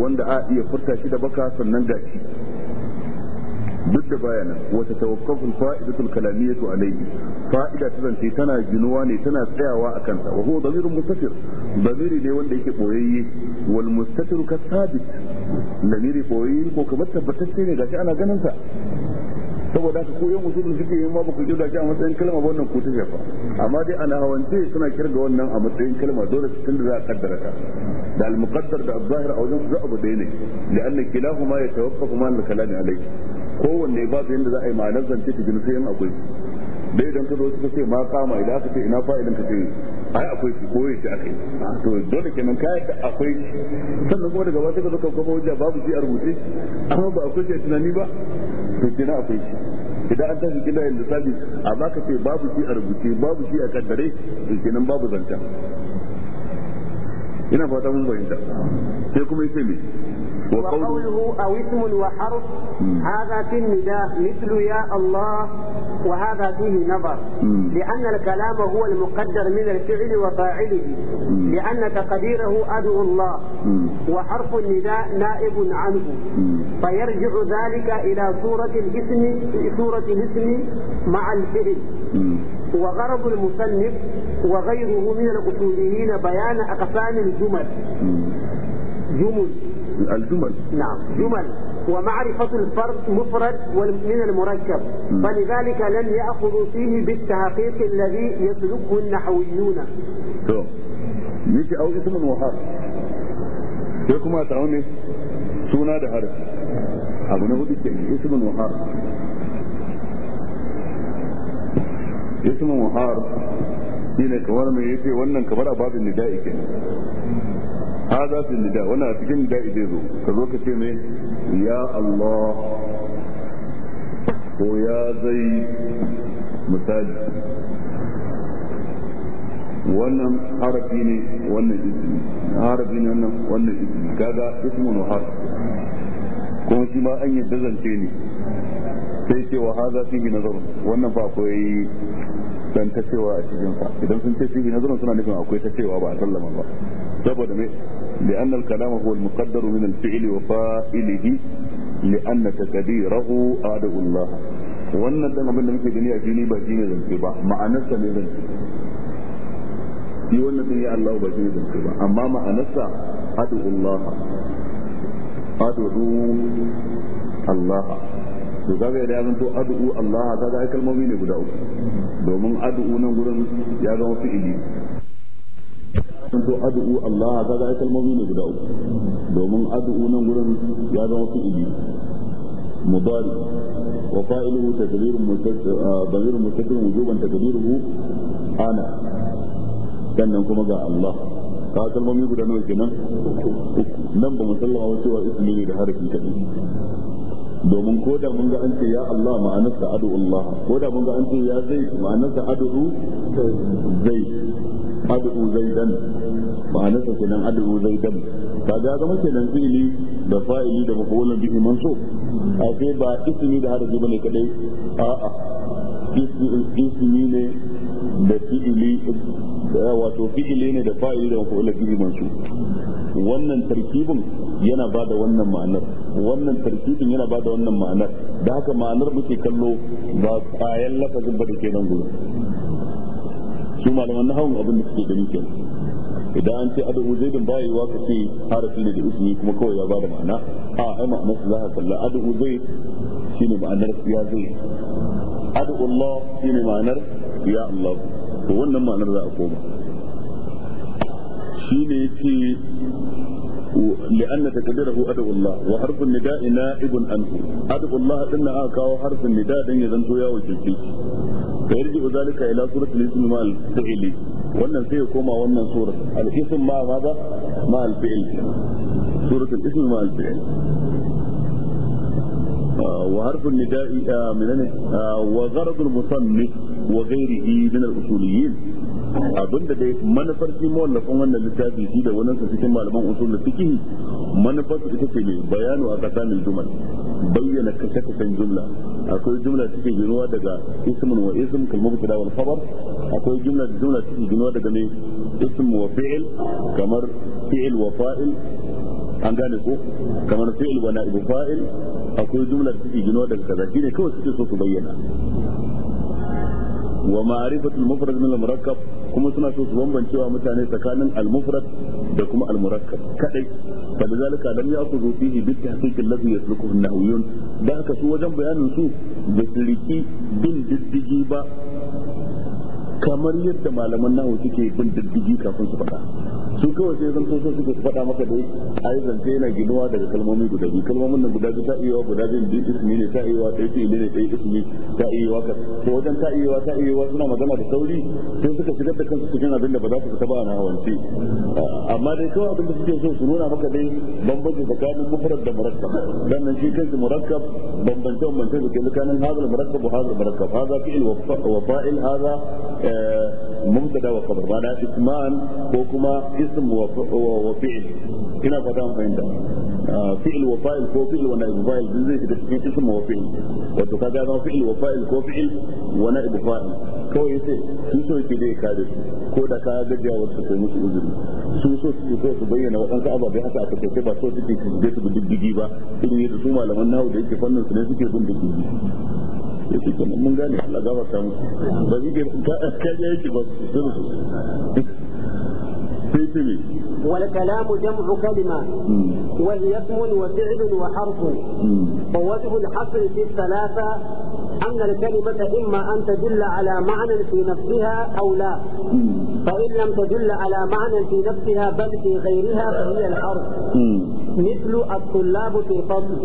wanda a iya furta shi da baka sannan gashi duk da bayana wata tawakkaful fa'idatul kalamiyatu alayhi fa'ida ta zance tana ginuwa ne tana tsayawa a kansa wa huwa dhamirun mustatir dhamiri ne wanda yake boyayye wal mustatir ka sabit lamiri boyayye ko kamar tabbatacce ne gashi ana ganin sa saboda ko yan usulun suke yin ma baku kirga a matsayin kalma wannan ko ta shafa amma dai ana hawance suna kirga wannan a matsayin kalma dole tun da za a kaddara ta da al-muqaddar da al-zahir a wajen su abu ɗaya ne da anna kilahuma yatawaffaqu ma al-kalami alayhi kowanne babu yadda za a yi ma'anar zance ta gina sai yin akwai da idan ka zo suka ce ma kama idan aka ce ina fa'idan ka ce ai akwai su koyi shi akai to dole kenan ka yadda akwai sannan kuma daga wata ka zaka kuma hujja babu shi a rubuce amma ba akwai shi a tunani ba to kenan akwai shi idan an tafi kida yin lissafi amma ka ce babu shi a rubuce babu shi a kaddare to kenan babu zancen ina fata mun fahimta sai kuma yace me وقوله أو اسم وحرف هذا في النداء مثل يا الله وهذا فيه نظر لأن الكلام هو المقدر من الفعل وفاعله لأن تقديره أدعو الله وحرف النداء نائب عنه فيرجع ذلك إلى صورة الاسم صورة الاسم مع الفعل وغرض المصنف وغيره من الأصوليين بيان أقسام الجمل جمل الجمل نعم جمل ومعرفة الفرد مفرد من المركب فلذلك لم يأخذوا فيه بالتحقيق الذي يسلكه النحويون يجي أو اسم وحرف sai kuma a samu ne suna da harfi abu na hudu ke ismin wahar ismin wahar shi ne kamar mai yace wannan kamar a babin nida'i ke hada fi nida wannan a cikin nida zai zo ka zo ka ce me ya ko ya zai misali wannan harafi ne wannan ismi harafi ne wannan wannan kaga ismun wa ma an yadda zance ne sai ce wa hadha fihi nazar wannan fa akwai dan ta cewa a cikin sa idan sun ce fihi nazarin suna nufin akwai ta cewa ba a sallama ba saboda me li anna al kalama huwa al muqaddaru min al fi'li wa fa'ilihi li anna taqdirahu adu Allah wannan dan abin da muke gani a fili ba shine zance ba ma'anarsa ne zance shi wannan din ya Allah ba shine zance ba amma ma'anarsa adu Allah adu Allah to kaga da ya zanto adu Allah kaga ai kalmomi ne guda uku domin ad'u nan gurin ya zama fi'ili sun to ad'u Allah ga ne guda uku domin ad'u nan gurin ya zama fi'ili mudari wa fa'iluhu takdirun mutadir mutadir wujuban takdiruhu ana sannan kuma ga Allah ka kalmomi guda nawa kenan nan ba musallama wa cewa ismi ne da harfi kadai domin ko da mun ga an ce ya Allah ma'anar adu Allah ko da mun ga an ce ya zai ma'anar sa adu zai zai adu dan ma'anar ma'anarsa kenan zai dan. ba ga zama kenan fi'ili da fa'ili da mafulun bihi mansub a sai ba ismi da harafi bane kadai a'a ismi ne da fi'ili wato fi'ili ne da fa'ili da mafulun bihi mansub wannan tarkibin yana ba da wannan ma'anar wannan tarkibin yana ba da wannan ma'anar da haka ma'anar muke kallo ba kayan lafazin ba da ke nan gudu su malaman na hawan abin da suke gani kenan idan an ce adu zaidin ba yiwa ka ce harafin da ismi kuma kawai ya ba da ma'ana a ai ma'anar su za ka kalla adu zaid shine ma'anar ya zai adu Allah shine ma'anar ya Allah to wannan ma'anar za a koma shine yake لأن تكبيره أدعو الله وحرف النداء نائب عنه أدعو الله إن أكاو حرف النداء دين يزنتو يا وجلتي فيرجع ذلك إلى سورة الاسم مع الفعل وأن سيكون وأن سورة الاسم مع ماذا؟ مع الفعل سورة الاسم مع الفعل وحرف النداء من وغرض المصنف وغيره من الأصوليين abinda dai manufar shi mawallafin wannan littafi shi da wani cikin malaman usul fiqh manufar su ita ce mai bayanu a kasamin jumal bayyana kashe kashen jumla akwai jumla cikin ginuwa daga ismun wa ism kalmar mubtada wal khabar akwai jumla da jumla cikin ginuwa daga ne ism wa fi'il kamar fi'il wa fa'il an gane ko kamar fi'il wa na'ibu fa'il akwai jumla da ginuwa daga kaza ne kawai suke so su bayyana wa ma'rifatul mufrad min al kuma suna so su bambancewa mutane tsakanin al-mufrad da kuma al-murakkab kadai fa da zalika lam ya'khudhu fihi bi tahqiq alladhi yaslukuhu an-nahwiyun da haka su wajen bayanin su da siriki bin diddigi ba kamar yadda malaman nahu suke bin diddigi kafin su faɗa su kawai sai zan so suke su faɗa maka dai a yi zance yana ginuwa daga kalmomi guda biyu kalmomin nan guda biyu ta iya guda biyu biyu ismi ne ta iya ta iya ne ta ismi ta iya ka ko wajen ta iya ta iya suna magana da sauri sai suka shigar da kansu cikin abin da ba za su fita ba a nahawance amma dai kawai abin da suke so su nuna maka dai bambanci tsakanin mufrad da murakkab dan nan shi kansu murakkab bambance bambance da ke tsakanin hadal murakkab wa hadal murakkab hada fi'il wa fa'il hada eh, mubtada wa khabar bada isman ko kuma ism wa wa fi'l ina fata mun fahimta ah, fi'l wa fa'il ko fi'l wa na'ib fa'il duk zai shiga cikin ism wa fi'l wato ka ga fi'l wa fa'il ko fi'l wa na'ib fa'il kawai yace su so yake dai kare ko da ka gajiya wasu ko musu uzuri su so su so su bayyana waɗansu ababe haka a takaice ba so suke su je su bi diddigi ba irin yadda su malaman nahu da yake fannin su ne suke bin diddigi والكلام جمع كلمة وهي اسم وفعل وحرف ووجه الحصر في الثلاثة أن الكلمة إما أن تدل على معنى في نفسها أو لا فإن لم تدل على معنى في نفسها بل في غيرها فهي الحرف مثل الطلاب في الفضل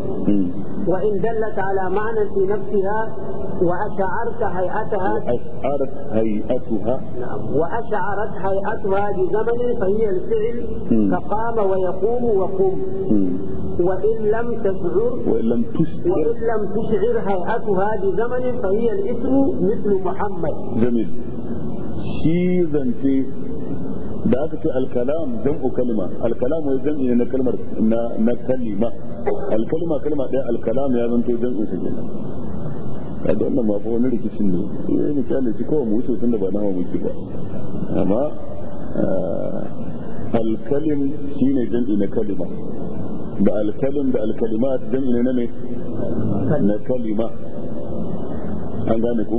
وإن دلت على معنى في نفسها وأشعرت هيئتها أشعرت هيئتها نعم وأشعرت هيئتها بزمن فهي الفعل فقام ويقوم وقم وإن لم تشعر وإن لم تشعر وإن لم تشعر هيئتها بزمن فهي الاسم مثل محمد جميل شيء da aka ce al-kalam jam'u kalma al-kalam wai jam'i ne na kalmar na na kalima al-kalma ɗaya al ya zanto jam'in shi kenan a da wannan ma fa wani rikicin ne eh misali shi kawai mu wuce tun da ba na hawa muke ba amma eh, al-kalim shine jam'i na kalima da al da al-kalimat jam'i ne na ne na kalima an gane ku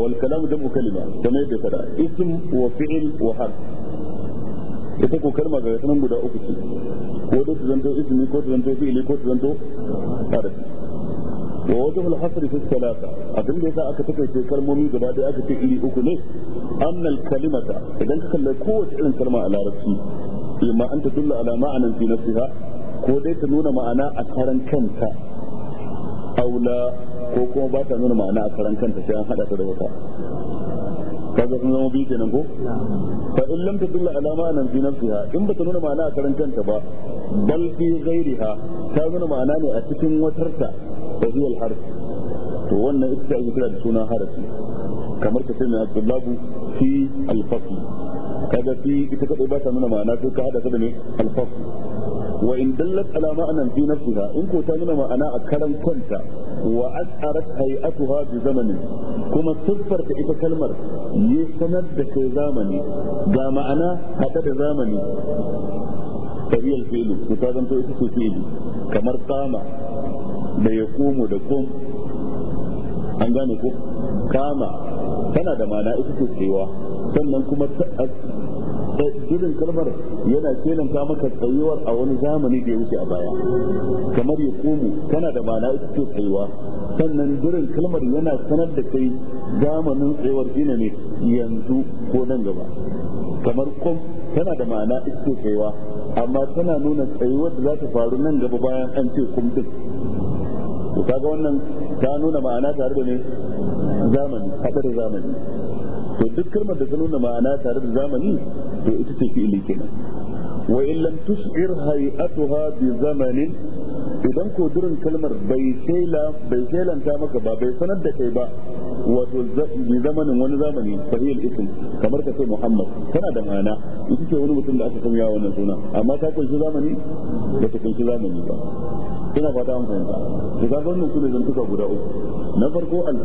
والكلام جمع كلمة كما يبقى كده اسم وفعل وحرف ita ko kalma ga nan guda uku ce ko da su zanto ismi ko su zanto fi'ili ko su zanto harfi wa wajhu al-hasr fi thalatha abin da yasa aka takaice kalmomi gaba da aka ce iri uku ne anna al-kalimata idan ka kalle kowace irin kalma a larabci imma an ta tadullu ala ma'anan fi nafsiha ko dai ta nuna ma'ana a karan kanta aula ko kuma ba ta nuna ma'ana a karan kanta sai an hada ta da wata kaga sun zama biyu kenan ko fa in lam tadulla ala ma'anan fi nafsiha in ba ta nuna ma'ana a karan kanta ba bal fi ghairiha ta nuna ma'ana ne a cikin watarta da zuwa harf to wannan ita ake kira da suna harafi kamar ka ce mai abdullahu fi al-fasl kaga fi ita kadai ba ta nuna ma'ana sai ka hada ta da ne al-fasl wa in dallat ala ma'anan fi nafsiha in ko ta nuna ma'ana a karan kwanta wa as'arat hay'atuha bi zamanin kuma siffar ta ita kalmar yi sanar da kai zamani ga ma'ana hada da zamani tariyar Fili, to ta zanto ita ce fi'lu kamar kama da ya da kom an gane ko kama tana da ma'ana ita ce cewa sannan kuma da gudun kalmar yana ta maka tsayuwar a wani zamani da ya wuce a baya kamar ya komu tana da ma'ana ita ce tsayuwa sannan gudun kalmar yana sanar da kai zamanin tsayuwar gina ne yanzu ko nan gaba kamar kom tana da ma'ana ita ce tsayuwa amma tana nuna tsayuwar da za ta faru nan gaba bayan an ce kum din ta ga wannan ta nuna ma'ana tare da ne zamani hada zamani to duk kalmar da ta nuna ma'ana tare da zamani to ita ce fi'ili kenan wa in lam tus'ir hay'atuha bi zamanin idan ko durin kalmar bai shela bai shelanta maka ba bai sanar da kai ba wato bi zamanin wani zamani sahih ism kamar ka ce Muhammad tana da ma'ana ita ce wani mutum da aka san ya wannan suna amma ta kunshi zamani ba ta kunshi zamani ba ina fata an fahimta to ga wannan kuma zantuka guda uku na farko al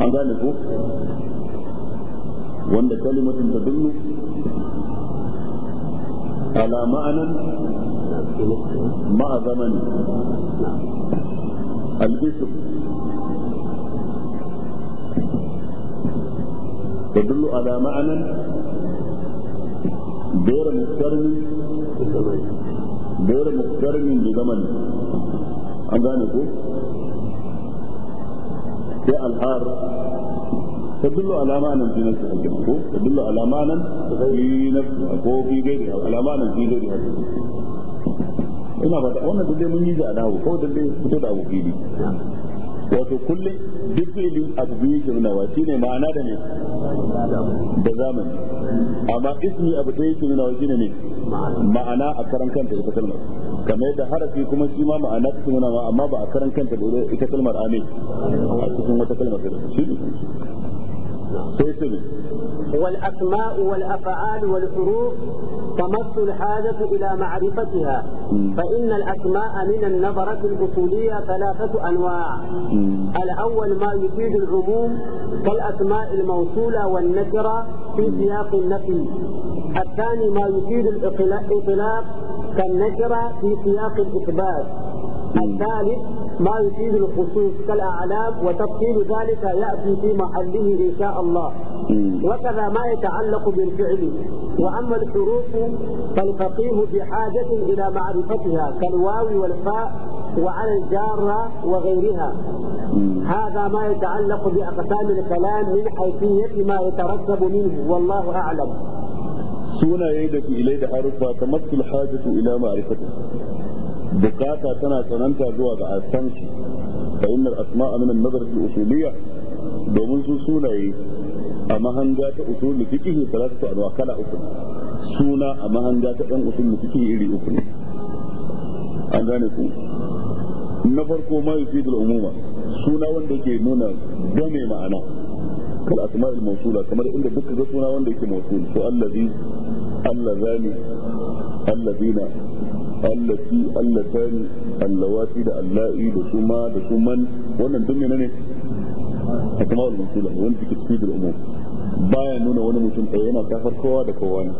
an gane ko wanda kalimatin ta dullu ala ma'anan ma'a zamani al-ism ala على معنى mutarmi مقترن mutarmi da zamani an gane ko sai alhar تدل على معنى في نفس الحكمة تدل على معنى في نفسها ko fi gairiha على معنى في غيرها ina ba fata wannan da dai mun yi da dawo ko da dai fito da abu fili wato kullum duk ilin abu biyu ke nunawa shi ne ma'ana da ne da zamani amma ismi abu ɗaya ke nunawa shi ne ne ma'ana a karan kanta ita kalmar kamar yadda harafi kuma shi ma ma'ana ta nunawa amma ba a karan kanta ita kalmar amin a cikin wata kalmar shi ne والأسماء والأفعال والحروف تمس الحاجة إلى معرفتها فإن الأسماء من النظرة الأصولية ثلاثة أنواع الأول ما يفيد العموم كالأسماء الموصولة والنكرة في سياق النفي الثاني ما يفيد الإطلاق كالنكرة في سياق الإثبات الثالث ما يفيد الخصوص كالأعلام وتفصيل ذلك يأتي في محله إن شاء الله وكذا ما يتعلق بالفعل وأما الحروف فالفقيه بحاجة إلى معرفتها كالواو والفاء وعلى الجارة وغيرها هذا ما يتعلق بأقسام الكلام من حيثية ما يترتب منه والله أعلم سونا يدك إليه حرفها تمس الحاجة إلى معرفته bukata tana tsananta zuwa ga asanci fa innal asma'a min nazar al-usuliyya domin su sunaye a mahanga ta usulul fiqh salatu anwa kala uku suna a mahanga ta dan usulul fiqh iri an gane ku na farko ma yufidul umuma suna wanda yake nuna game ma'ana kal asma'il inda duka suna wanda allati allatani allawati da alla'i da kuma da kuman wannan duk menene asma'ul mawsula wanda take cikin umum baya nuna wani mutum ɗaya yana kafar kowa da kowa ne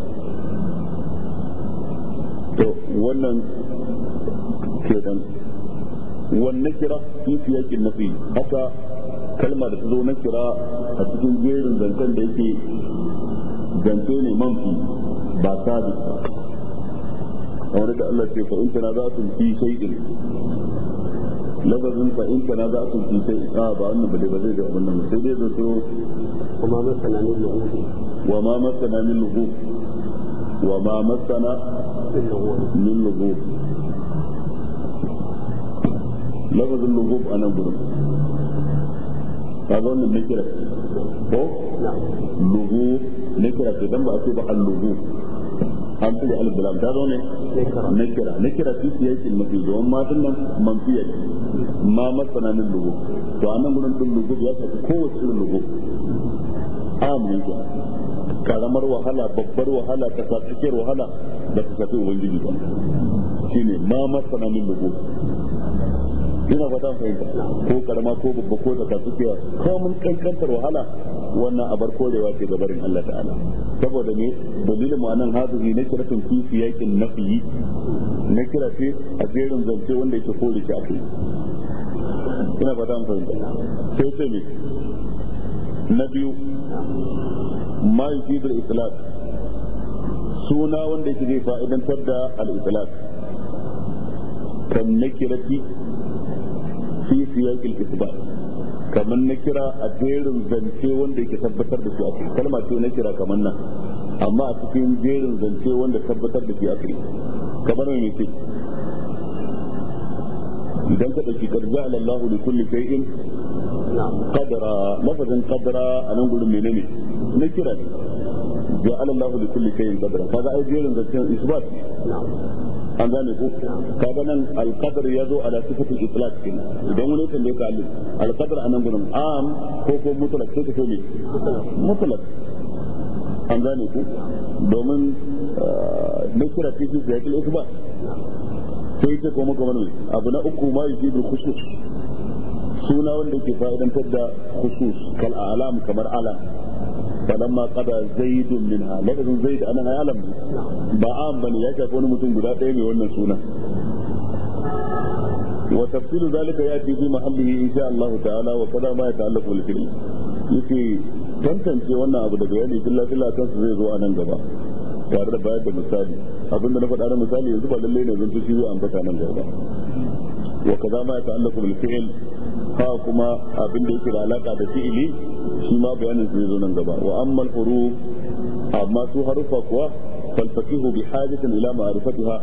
to wannan kenan wannan kira fi siyakin nafi haka kalma da ta zo na kira a cikin jerin zancen da yake zance ne manfi ba sabis kamar da Allah ce fa in tanaza'tum fi shay'in lafazin fa in tanaza'tum fi shay'in a ba wannan ba dai ba zai ga abin nan sai dai zato kuma masana min lughub wa ma masana min lughub wa ma masana min lughub lafazin lughub anan gurin kaga wannan nakira ko lughub nakira ce dan ba a ce ba al-lughub an tsaye al-bilam ta zo ne nakira nakira fi siyakin mafi zuwan matan nan manfiya ce ma masana min lugu to a nan gurin din lugu ya shafi kowace irin lugu amin ya karamar wahala babbar wahala ta tsakiyar wahala da ta shafi ubangiji ba shine ma masana min lugu ina fata fahimta ko karama ko babba ko tsakiyar ko mun kankantar wahala wannan abar korewa ce gabarin Allah ta'ala saboda ne dalilin ma'anan hadisi na tun fi yakin nafi na kira ce a jerin zance wanda yake kore shi a kai ina fata mun fahimta sai sai ne na biyu ma yufidu al-islam suna wanda yake zai fa'idan da al-islam kan nakirati fi siyaqil isbat kamar na kira a jerin zance wanda yake tabbatar da shi a kai kalma ce na kira kamar nan amma a cikin jerin zance wanda tabbatar da shi a kai kamar mai ce idan ka dauki karza alallahu li kulli shay'in qadra lafazin qadra a nan gurin menene na kira ne ja'ala Allahu li kulli shay'in qadra kaga ai jerin zancen isbat an gane ku kaga nan alqadar yazo ala sifatul itlaq kin idan wani kan da kalli alqadar anan gurin am ko ko mutlaq sai ka so ne mutlaq an gane ku domin ne kira fi da yake lokacin ba sai ta kuma kamar mai abu na uku ma yi bil khusus suna wanda ke fa'idantar da khusus kal alam kamar alam falamma qada zaidun minha lafazin zaid anan ai alam ba am bane ya shafi wani mutum guda ɗaya mai wannan suna wa tafsilu zalika yati bi mahallihi insha Allah ta'ala wa qada ma yata'allaqu bil fi'l yake tantance wannan abu daga yani billahi billahi kansu zai zo a nan gaba tare da bayar da misali abinda na faɗa na misali yanzu ba lallai ne zan tushi zai ambata nan gaba wa ha kuma abinda yake da alaka da fi'ili shi ma bayanin zai zo nan gaba wa amma huruf amma su harufa kuwa falfakihu bi hajatin ila ma'rifatiha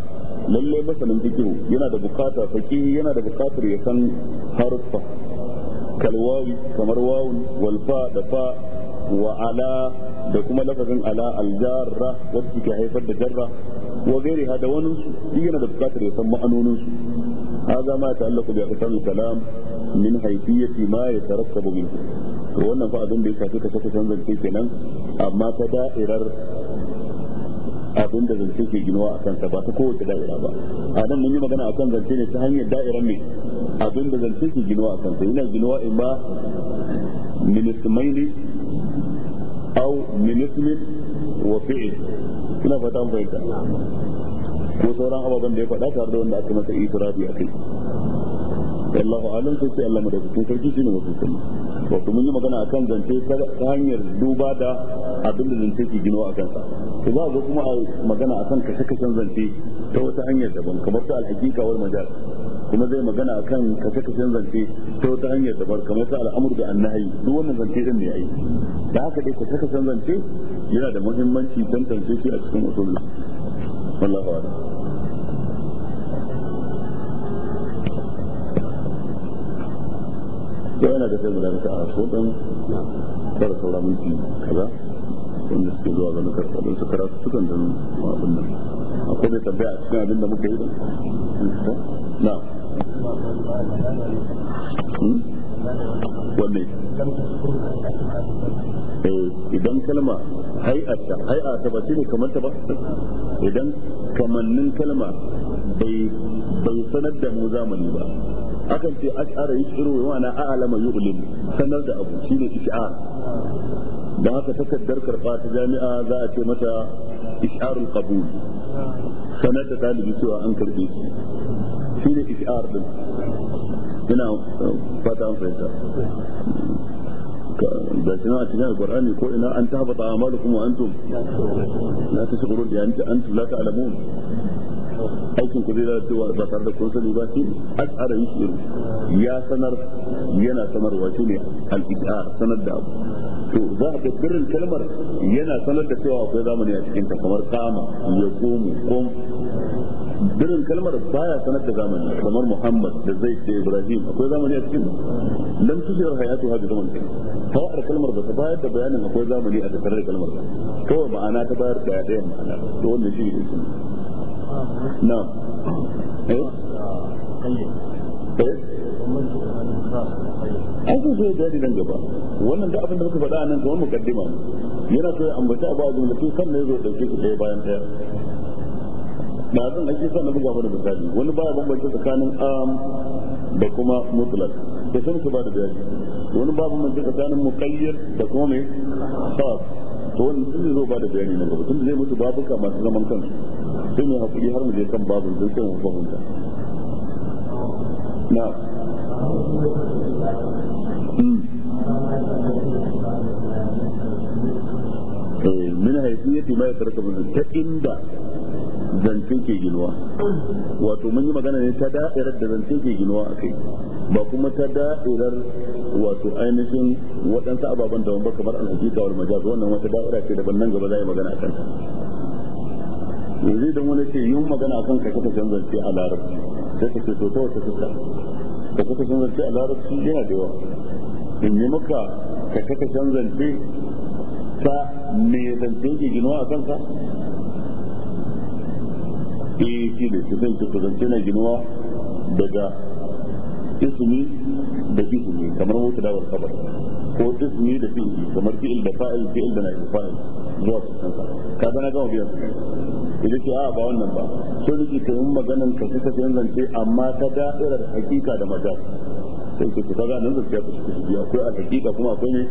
lalle masanin fikihu yana da bukata fakihi yana da bukatar ya san haruffa kalwawi kamar wawun walfa da fa wa ala da kuma lafazin ala aljarra wacce ke haifar da jarra wa gairiha da wani su yana da bukatar ya san ma'anonin su هذا ما يتعلق بأقسام الكلام من حيثية ما يترتب منه to wannan fa abin da ya shafi ka saka zance kenan amma ta da'irar abin da zance ke ginawa a kansa ba ta kowace da'ira ba a nan mun yi magana a kan zance ne ta hanyar da'irar ne abin da zance ke ginawa a kansa yana ginawa in ba minismaini au minismin wa fi'il suna fata an fahimta ko sauran ababen da ya faɗa tare da wanda aka masa itirafi a kai Allahu alam sai Allah madaukakin sarki shine mutum wato mun yi magana akan zance ta hanyar duba da abin da zance ke gino a kansa to za a zo kuma a magana akan kashe-kashen zance ta wata hanyar daban kamar ta alhaqiqa wal majal kuma zai magana akan kashe-kashen zance ta wata hanyar daban kamar ta al'amur da annahi duk wannan zance din ne ai da haka dai kashe-kashen zance yana da muhimmanci tantance shi a cikin usul wallahi to yana da ko saura kaza wanda suke zuwa ga nukar su sukan abin nan akwai da a cikin abin da muka yi na hmm? wanne eh, idan kalma hai'ata hai'ata ba ne kamar ta ba idan kamannin kalma bai sanar da mu zamani ba akan ce ash'ara yushiru wa ma'ana a'lama yu'lim sanar da abu ne ish'ar da haka takaddar karba ta jami'a za a ce mata ish'arul qabul sanar da talibi cewa an karbe shi ne ish'ar din ina fata an fahimta da shi na cikin ko ina an tabata amalukum wa antum la la ta'lamun aikin ku zai lalacewa ba tare da kun sani ba shi as'ara yusir ya sanar yana sanarwa shine al-ishar sanar da abu to za a birrin kalmar yana sanar da cewa akwai zamani a cikin ta kamar kama ya komu kom Birin kalmar baya sanar da zamani kamar muhammad da zai da ibrahim akwai zamani a cikin lam tujir hayatu hadu zaman kai fawar kalmar ba ta bayar da bayanin akwai zamani a tattare kalmar ba kawai ma'ana ta bayar da ɗaya ma'ana to wannan shi ne na'am eh an so sai jari nan gaba wannan da abin da muka faɗa nan kamar mukaddima yana so ya ambata abu a jumlace kan ne zai dauke su bayan ɗaya da abin ake son na buga mana misali wani baya bambanta tsakanin am da kuma mutlak da sun su ba da biyar wani baya bambanta tsakanin muqayyad da kuma mai khas to wannan sun zo ba da bayani nan gaba tun da zai mutu babuka masu zaman kansu sai mai hakuri har mu je kan babu da sai mu fahimta na eh, min yake mai yatarka min ta inda zance ke ginuwa wato mun yi magana ne ta da'irar da zance ke ginuwa a kai ba kuma ta da'irar wato ainihin waɗansu ababen da ba kamar alhaƙiƙa wal majaz wannan wata da'ira ce daban nan gaba za a yi magana a kanta yanzu da wani ce yin magana akan ka kashen canzance a larabci sai ka ce to ta wata fuska kashe kashen zance a larabci yana da yawa in yi maka kashe kashen zance ta me zance ke ginuwa a kanka e shi ne su zai ce zance na ginuwa daga ismi da ismi kamar wuta dawar kabar ko ismi da fi'li kamar fi'il da fa'il fi'il da na fa'il zuwa cikin ka zana gama biyan su idan ce a ba wannan ba so nake ka yin maganan ka fi tafiyan zance amma ta da'irar hakika da majal sai ke kaga nan da ta su shi akwai al-haqiqa kuma akwai ne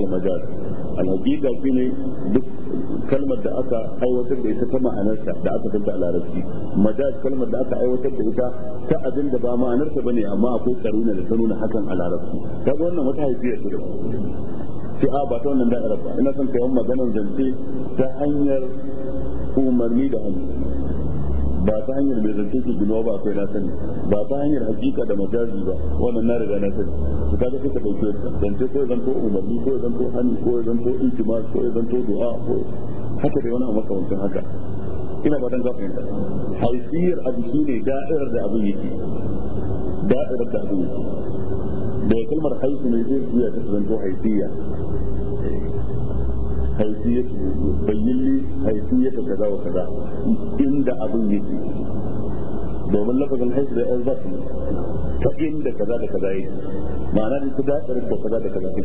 al-majaz al ne duk kalmar da aka aiwatar da ita ta ma'anarta da aka danta a larabci majaz kalmar da aka aiwatar da ita ta abin da ba ma'anarta ba ne amma akwai karuna da ta nuna hakan a larabci kaga wannan wata haifiyar da sai a ba ta wannan da'irar ba ina son kai maganar zance ta hanyar umarni da hannu ba ta hanyar mai zance ke gino ba kai na sani ba ta hanyar hakika da majazi ba wannan na riga na sani su kaga suka ta zance ko zanto umarni ko zanto hannu ko zanto intima ko zanto du'a ko haka dai wani makamancin haka ina ba dan ga fahimta haifiyar abu ne da'irar da abin yake da'irar da abin yake da kalmar haifi mai zai zuya ta zanto haifiya haifiyatu bayyin li kaza wa kaza inda abin yake domin lafazin haifu da yan zafi ta inda kaza da kaza yake ma'ana da kuda da kaza da kaza yake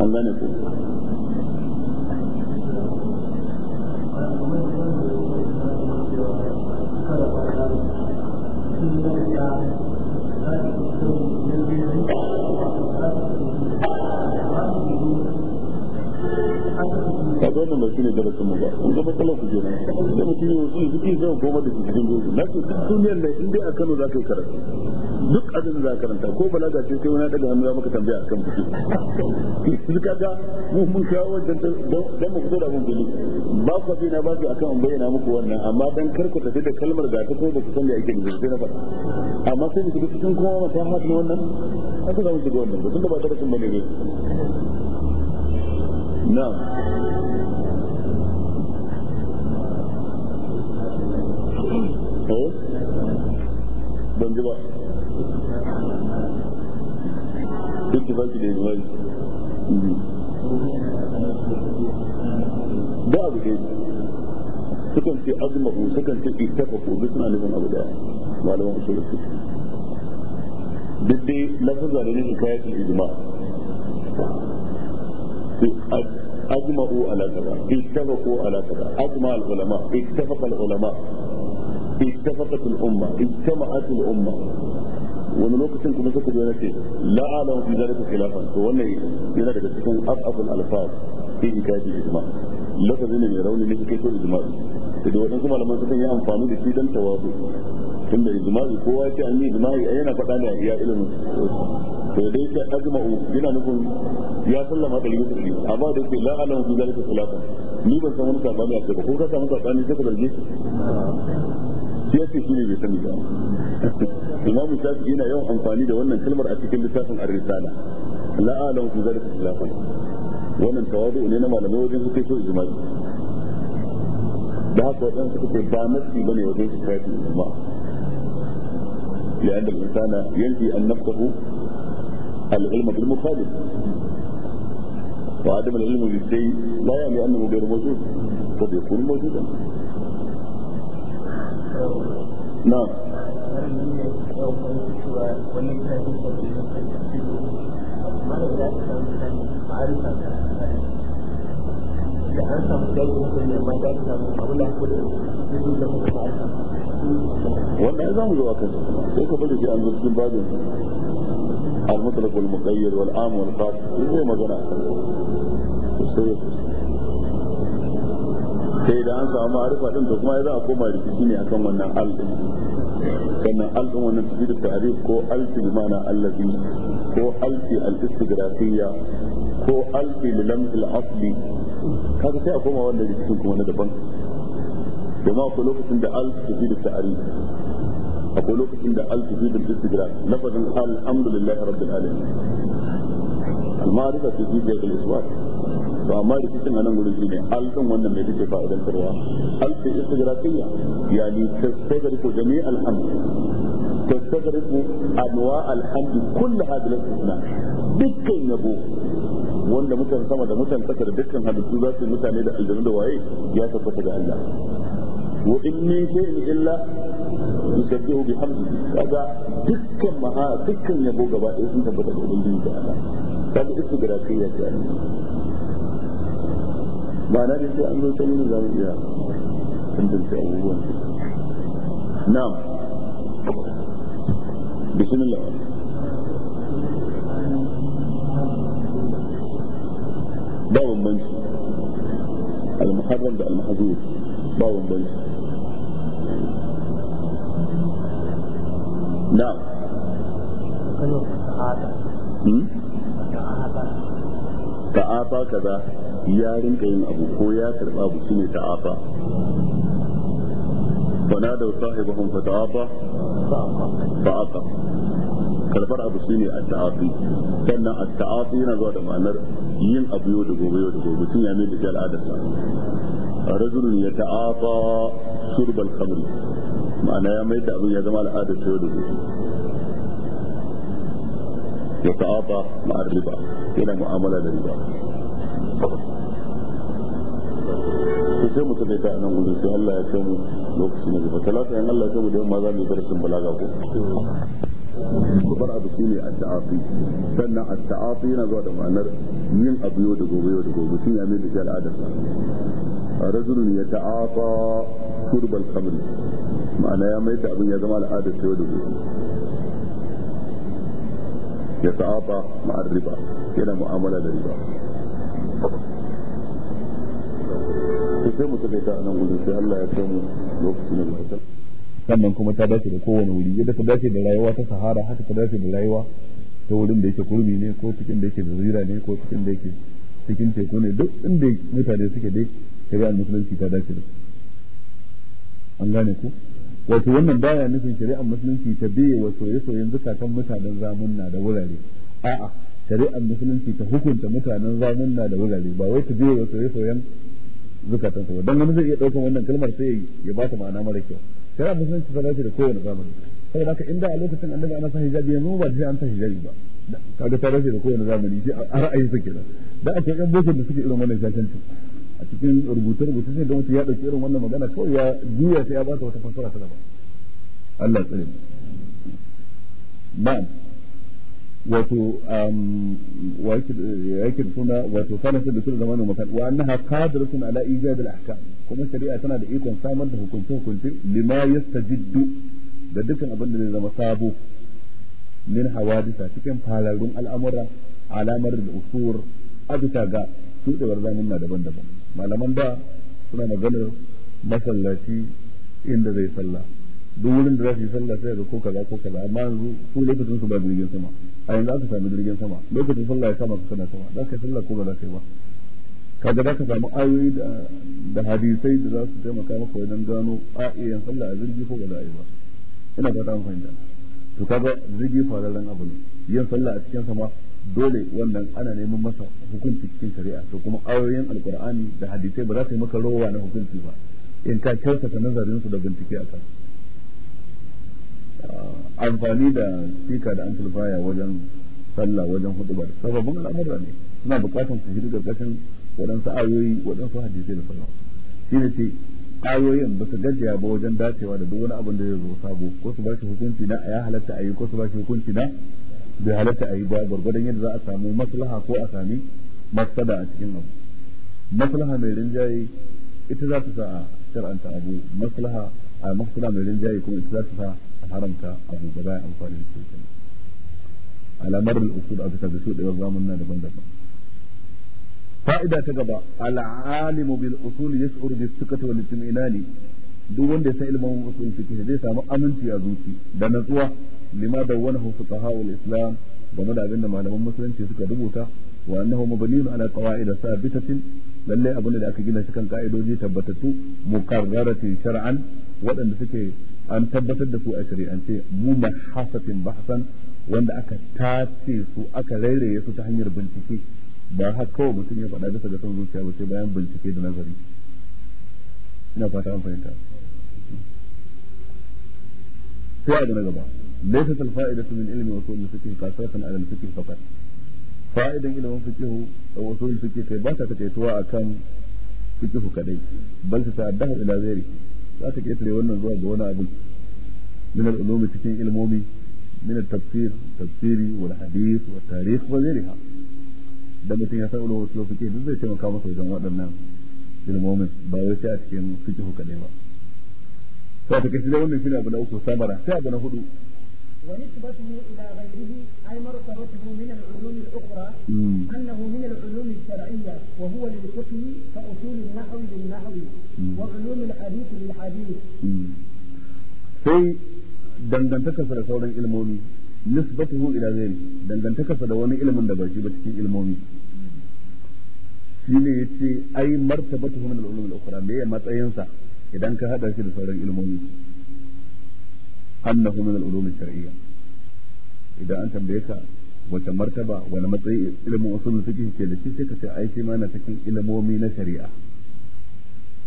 an gane ku Thank you. ka ga wannan ba shi ne darasin mu ba in ga matsalar ku kenan da mutum ya wasu goma da cikin na ce duk duniyar nan in dai a Kano za ka yi karatu duk abin za ka karanta ko balaga ce sai wani daga hannu za maka tambaya akan fito su kaga mu mun kawo wajen dan mu fito da mun gani ba ku bi na ba ku akan bayyana muku wannan amma dan kar ku tafi da kalmar da ta ko ba ku san da yake nufi sai na faɗa amma sai mu shiga cikin kuma mata hatin wannan haka za mu shiga wannan ba tunda ba darasin bane ne na'am eh ban ji ba ittifaki da ijma'i da abu dai ce azmahu sukan ce ittafaku duk suna nufin abu daya malaman usul fiqh duk dai da أجمعوا على كذا اتفقوا على كذا أجمع العلماء اتفق العلماء اتفقت الأمة اجتمعت wani lokacin kuma suka zo ce la alam fi zalika khilafan to wannan yana daga cikin afaful alfaz fi ikaji ijma lafazin ne mai rauni ne kai to ijma da wadansu malaman sukan yi amfani da shi dan tunda ijma'i kowa ce an yi ijma'i a yana faɗa ne a iya ilimin to dai sai ajma'u yana nufin ya sallama da rigisu ne amma da yake la alamu fi zalika salatan ni ban san wani sabani a ce ba ko ka samu sabani sai ka dalje shi yake shi ne bai sani ba imam shafi yana yawan amfani da wannan kalmar a cikin littafin ar-risala la alamu fi zalika salatan wannan tawadu ne na malamai wajen su kai so ijma'i da haka waɗansu suke ba nasi bane wajen su kai ijma'i لأن الإنسان ينفي أن نفسه العلم بالمخالف وعدم العلم بالشيء لا يعني أنه غير موجود قد يكون موجودا نعم da wanda ya zamu zuwa kansa sai ka bari shi an zuwa cikin bajin al-mutlaq wal-muqayyad wal-am wal-qaf sai zai magana sai da an samu ma'arifa din to kuma ya za a koma rikici ne akan wannan al din sannan al din wannan tafi da ta'rif ko al bi ma'ana allazi ko al fi al-istigrafiyya ko al fi lam al-asli kaga sai a koma wannan rikicin kuma na daban da ma ko lokacin da al tafi da ta'rif akwai lokacin da al-tufid al-istigra lafazin alhamdulillah rabbil alamin al-ma'rifa fi siyaq al-iswat to amma da cikin anan gurin shine alkan wannan mai take fa'idan tarwa alfi istigraqiyya yani ko jami' alhamd tastagriqu anwa alhamd kull hadha al-istisna dukkan yabo wanda mutan sama da mutan kasa da dukkan halittu za su mutane da aljanu da waye ya tabbata ga Allah wa inni min shay'in illa yusabbihu bihamdi kaga dukkan maha dukkan yabo gaba ɗaya sun tabbata da ubangiji da Allah kaga istigrafiyya ce ba na da sai an zo sai ne zamu iya tantance abubuwan na'am bismillah ba bambanci المحرم بالمحظور ba bambanci na'am hmm? ta'afa kaza yarin ka yin abu ko ya karba abu su ne ta'afa fana da sahibahum fa ta'afa Ta'afa. karbar abu su ne a taafi sannan a taafi yana zuwa da ma'anar yin abu yau da gobe yau da gobe tun ya mai da A rajulun ya ta'afa surbal khamri ma'ana ya mai da abin ya zama al'adar ta yau da gobe ya ta'ata ma'ar riba yana mu'amala da riba to sai mu tafi ta nan gudu sai Allah ya kai mu lokaci na gaba talata in Allah ya kai mu da yamma za mu yi darasin balaga ko bar abu shi ne at-ta'ati sannan a taati yana zuwa da ma'anar yin abu yau da gobe yau da gobe sun ya da shi al'adarsa rajulun ya ta'ata kurbal khamri ma'ana ya mai da abin ya zama al'adar ta yau da gobe ya sa'afa ma'ar riba yana mu'amala da riba sai mu tafi ta nan wuri sai Allah ya kai mu lokacin da san sannan kuma ta dace da kowane wuri yadda ta dace da rayuwa ta sahara haka ta dace da rayuwa ta wurin da yake kurmi ne ko cikin da yake zazira ne ko cikin da yake cikin teku ne duk inda mutane suke dai shari'ar musulunci ta dace da an gane ku wato wannan baya nufin shari'ar musulunci ta biye wa soye-soyen zukatan mutanen zamunna da wurare a'a shari'ar musulunci ta hukunta mutanen zamunna da wurare ba wai ta biye wa soye-soyen zukatan su dan wani zai iya daukan wannan kalmar sai ya ba ta ma'ana mara kyau shari'ar musulunci ta dace da kowane zamani saboda haka inda a lokacin annabi ana sa hijabi yanzu ba sai an sa hijabi ba kaga ta dace da kowane zamani sai a ra'ayin sa kenan da ake yan bokin da suke irin wannan shashanci a cikin rubuce rubuce sai don su ya dauki irin wannan magana ko ya juya ta ya bata wata fasara ta daban Allah tsare na'am wato wa yake suna wato kana sai da sura zamanin makan wa annaha qadiratun ala ijad al ahkam kuma shari'a tana da ikon samar da hukunce hukunce lima yastajiddu da dukkan abin da zai zama sabo min hawadisa cikin falarun al'amura alamar da usur a bisa ga tudewar na daban-daban malaman da suna maganar masallaci inda zai sallah duk wurin da za su yi sallah sai ga ko kaza ko kaza amma yanzu su lokacin su ba jirgin sama a yanzu aka sami jirgin sama lokacin sallah ya sama kana sama za ka yi sallah ko ba za ka yi ba kaga za ka samu ayoyi da hadisai da za su taimaka maka wajen gano a eh, iya sallah a jirgi ko ba za a yi ba ina fata an fahimta to kaga jirgi fararen abu ne yin sallah a cikin sama dole wannan ana neman masa hukunci cikin shari'a to kuma ayoyin alkur'ani da hadisai ba za su yi maka rowa na hukunci ba in ka kyautata nazarin su da bincike a kan ah, amfani da sika da amplifier wajen sallah wajen hudubar sababin al'amura ne suna bukatar su da karkashin waɗansu ayoyi waɗansu hadisai da sallah shi ne ce ayoyin ba su gajiya ba wajen dacewa da duk wani abin da zai zo sabo ko su ba shi hukunci na ya halatta ayi ko su ba shi hukunci na bai halatta a yi ba gwargwadon yadda za a samu maslaha ko a sami mafsada a cikin abu maslaha mai rinjaye ita za ta sa a shar'anta abu maslaha a maslaha mai rinjaye kuma ita za ta sa a haramta abu da bayan amfani da shi alamar al-usul a bisa da su da yau na daban-daban fa'ida ta gaba al'alimu bil usul yash'uru bi sukati wal itminani duk wanda ya san ilmin usul fiqh zai samu aminci a zuci da natsuwa lima dawwanahu fuqaha al-islam game da abinda malaman musulunci suka rubuta wa annahu mabniun ala qawaid sabitatin lalle abin da aka gina shi kan ka'idoji tabbatattu mukarraratin shari'an waɗanda suke an tabbatar da su a shari'ance mu mahasatin bahsan wanda aka tace su aka rairaye su ta hanyar bincike ba har kawai mutum ya faɗa bisa ga son zuciya ba sai bayan bincike da nazari ina fata an fahimta sai abu na gaba laysat al fa'idatu min ilmi usul al fiqh qasatan ala fa'idan ilmin fiqh wa usul al fiqh akan fiqh kadai bal ta ta'addahu ila ghairi za ta kaitare wannan zuwa wani abu من التفسير تفسيري والحديث والتاريخ وغيرها da mutum ya san ulumar su duk zai taimaka masa wajen waɗannan ilmomin ba wai sai a cikin fiqh ba sai ta kace da wannan shine abu na uku samara sai abu na hudu ونسبته إلى غيره أي مرتبته من العلوم الأخرى أنه من العلوم الشرعية وهو للفقه كأصول النحو للنحو وعلوم الحديث للحديث sai dangantakarsa da sauran ilmomi nisbatuhu ila ghairi dangantakarsa da wani ilmin da bai shi ba cikin ilmomi shine yace ai martabatuhu min al-ulum al me ya matsayinsa idan ka hada shi da sauran ilmomi annahu min al-ulum al idan an tambaye ka wata martaba wani matsayi ilimin usul fiqh ke da shi sai ka ce ai shi ma na cikin ilimomi na shari'a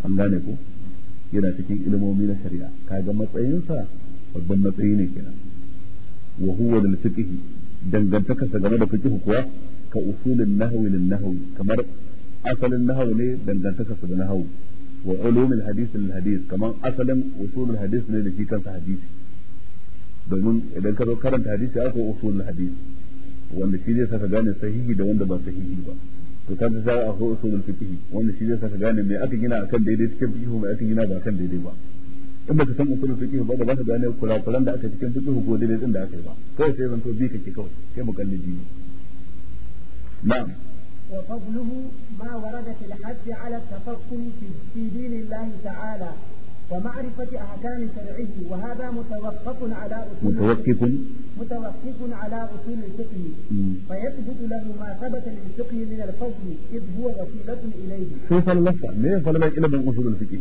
an gane ko yana cikin ilimomi na shari'a kaga matsayinsa babban matsayi ne kenan wa huwa lil fiqh game da fiqh kuwa ka usulin nahwi lin nahwi kamar asalin nahwi ne dangantaka da nahwi wa kamar asalin usulul ne da shi hadisi domin idan ka zo karanta hadisi aka usul hadisi wanda shi zai saka gane sahihi da wanda ba sahihi ba to kan da a ko usulul fiqh wanda shi zai saka gane me aka gina akan daidai cikin fiqh mai aka gina ba akan daidai ba in baka san usulul fiqh ba da baka gane kurakuran da aka cikin fiqh ko daidai din da aka yi ba kawai sai zanto bi kake kawai sai mukallidi ne na'am وفضله ما ورد في الحج على التفقه في دين الله تعالى ومعرفة أحكام شرعه وهذا متوقف على أصول متوقف متوقف على أصول الفقه فيثبت له ما ثبت للفقه من الفضل إذ هو وسيلة إليه شو فلسفة ما فلما إلى من أصول الفقه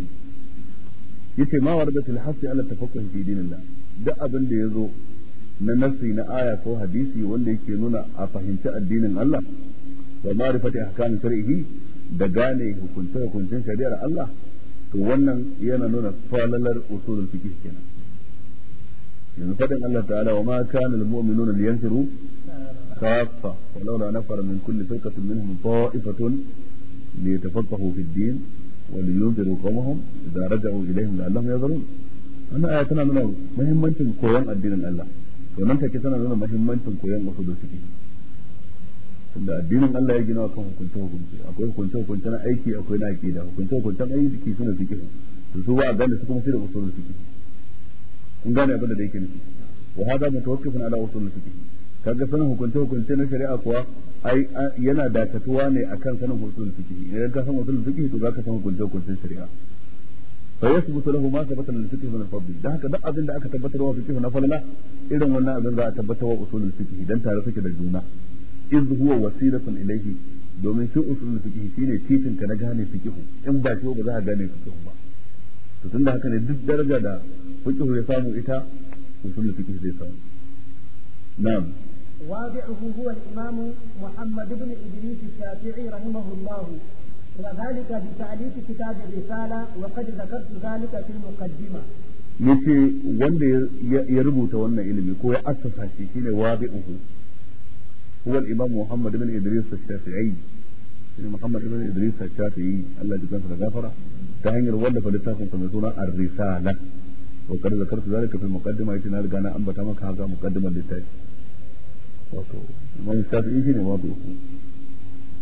yace ma warda fil hasi ala tafaqquh fi dinillah duk abin da yazo na nasi na aya ko hadisi wanda yake nuna a fahimci addinin Allah wa ma'rifati ahkam shar'ihi da gane hukunce hukuncin shari'ar Allah to wannan yana nuna falalar usulul fiqh kenan yanzu fadin Allah ta'ala wa ma kana al-mu'minuna liyanfiru kaffa walaula nafara min kulli firqatin minhum ta'ifatun liyatafaqahu fid din wa liyunziru qawmahum idza raja'u ilayhim la'allahum yadhurun wannan aya tana nuna muhimmancin koyon addinin Allah to nan take tana nuna muhimmancin koyon usulul fiqh tunda addinin Allah ya gina kan hukunce hukunce akwai hukunce hukunce na aiki akwai na aqida hukunce hukuncen aiki suna fiqh su su ba gane su kuma sai da usulun fiqh kun gane abin da yake nufi wa hada mutawakkifun ala usulun fiqh kaga sanin hukunce hukunce na shari'a kuwa ai yana dakatuwa ne akan sanin usulun fiqh idan ka san usulun fiqh to zaka san hukunce hukuncen shari'a fa yasbutu lahu ma sabata lil fiqh min fadl Da haka duk abin da aka tabbatar wa fiqh na falala irin wannan abin za a tabbatar wa usulul fiqh dan tare suke da juna iz huwa wasilatun ilaihi domin shi usulul fiqh shine titin ka na gane fiqh in ba shi ba za ka gane fiqh ba to tunda haka ne duk daraja da fiqh ya samu ita usulul fiqh zai samu na'am واضعه هو الإمام محمد بن إدريس الشافعي رحمه الله وذلك كتاب الرسالة وقد ذكرت ذلك في المقدمة wanda ya rubuta wannan ilimi ko ya assasa shi shine هو الإمام محمد بن إدريس الشافعي محمد بن إدريس الشافعي الله يجزاه الغفرة تهنير ولا فلتاكم كما الرسالة وقد ذكرت ذلك في المقدمة يتنا لقانا أنبتا مكا هذا مقدمة للتاج wato imam shafi'i shine babu uku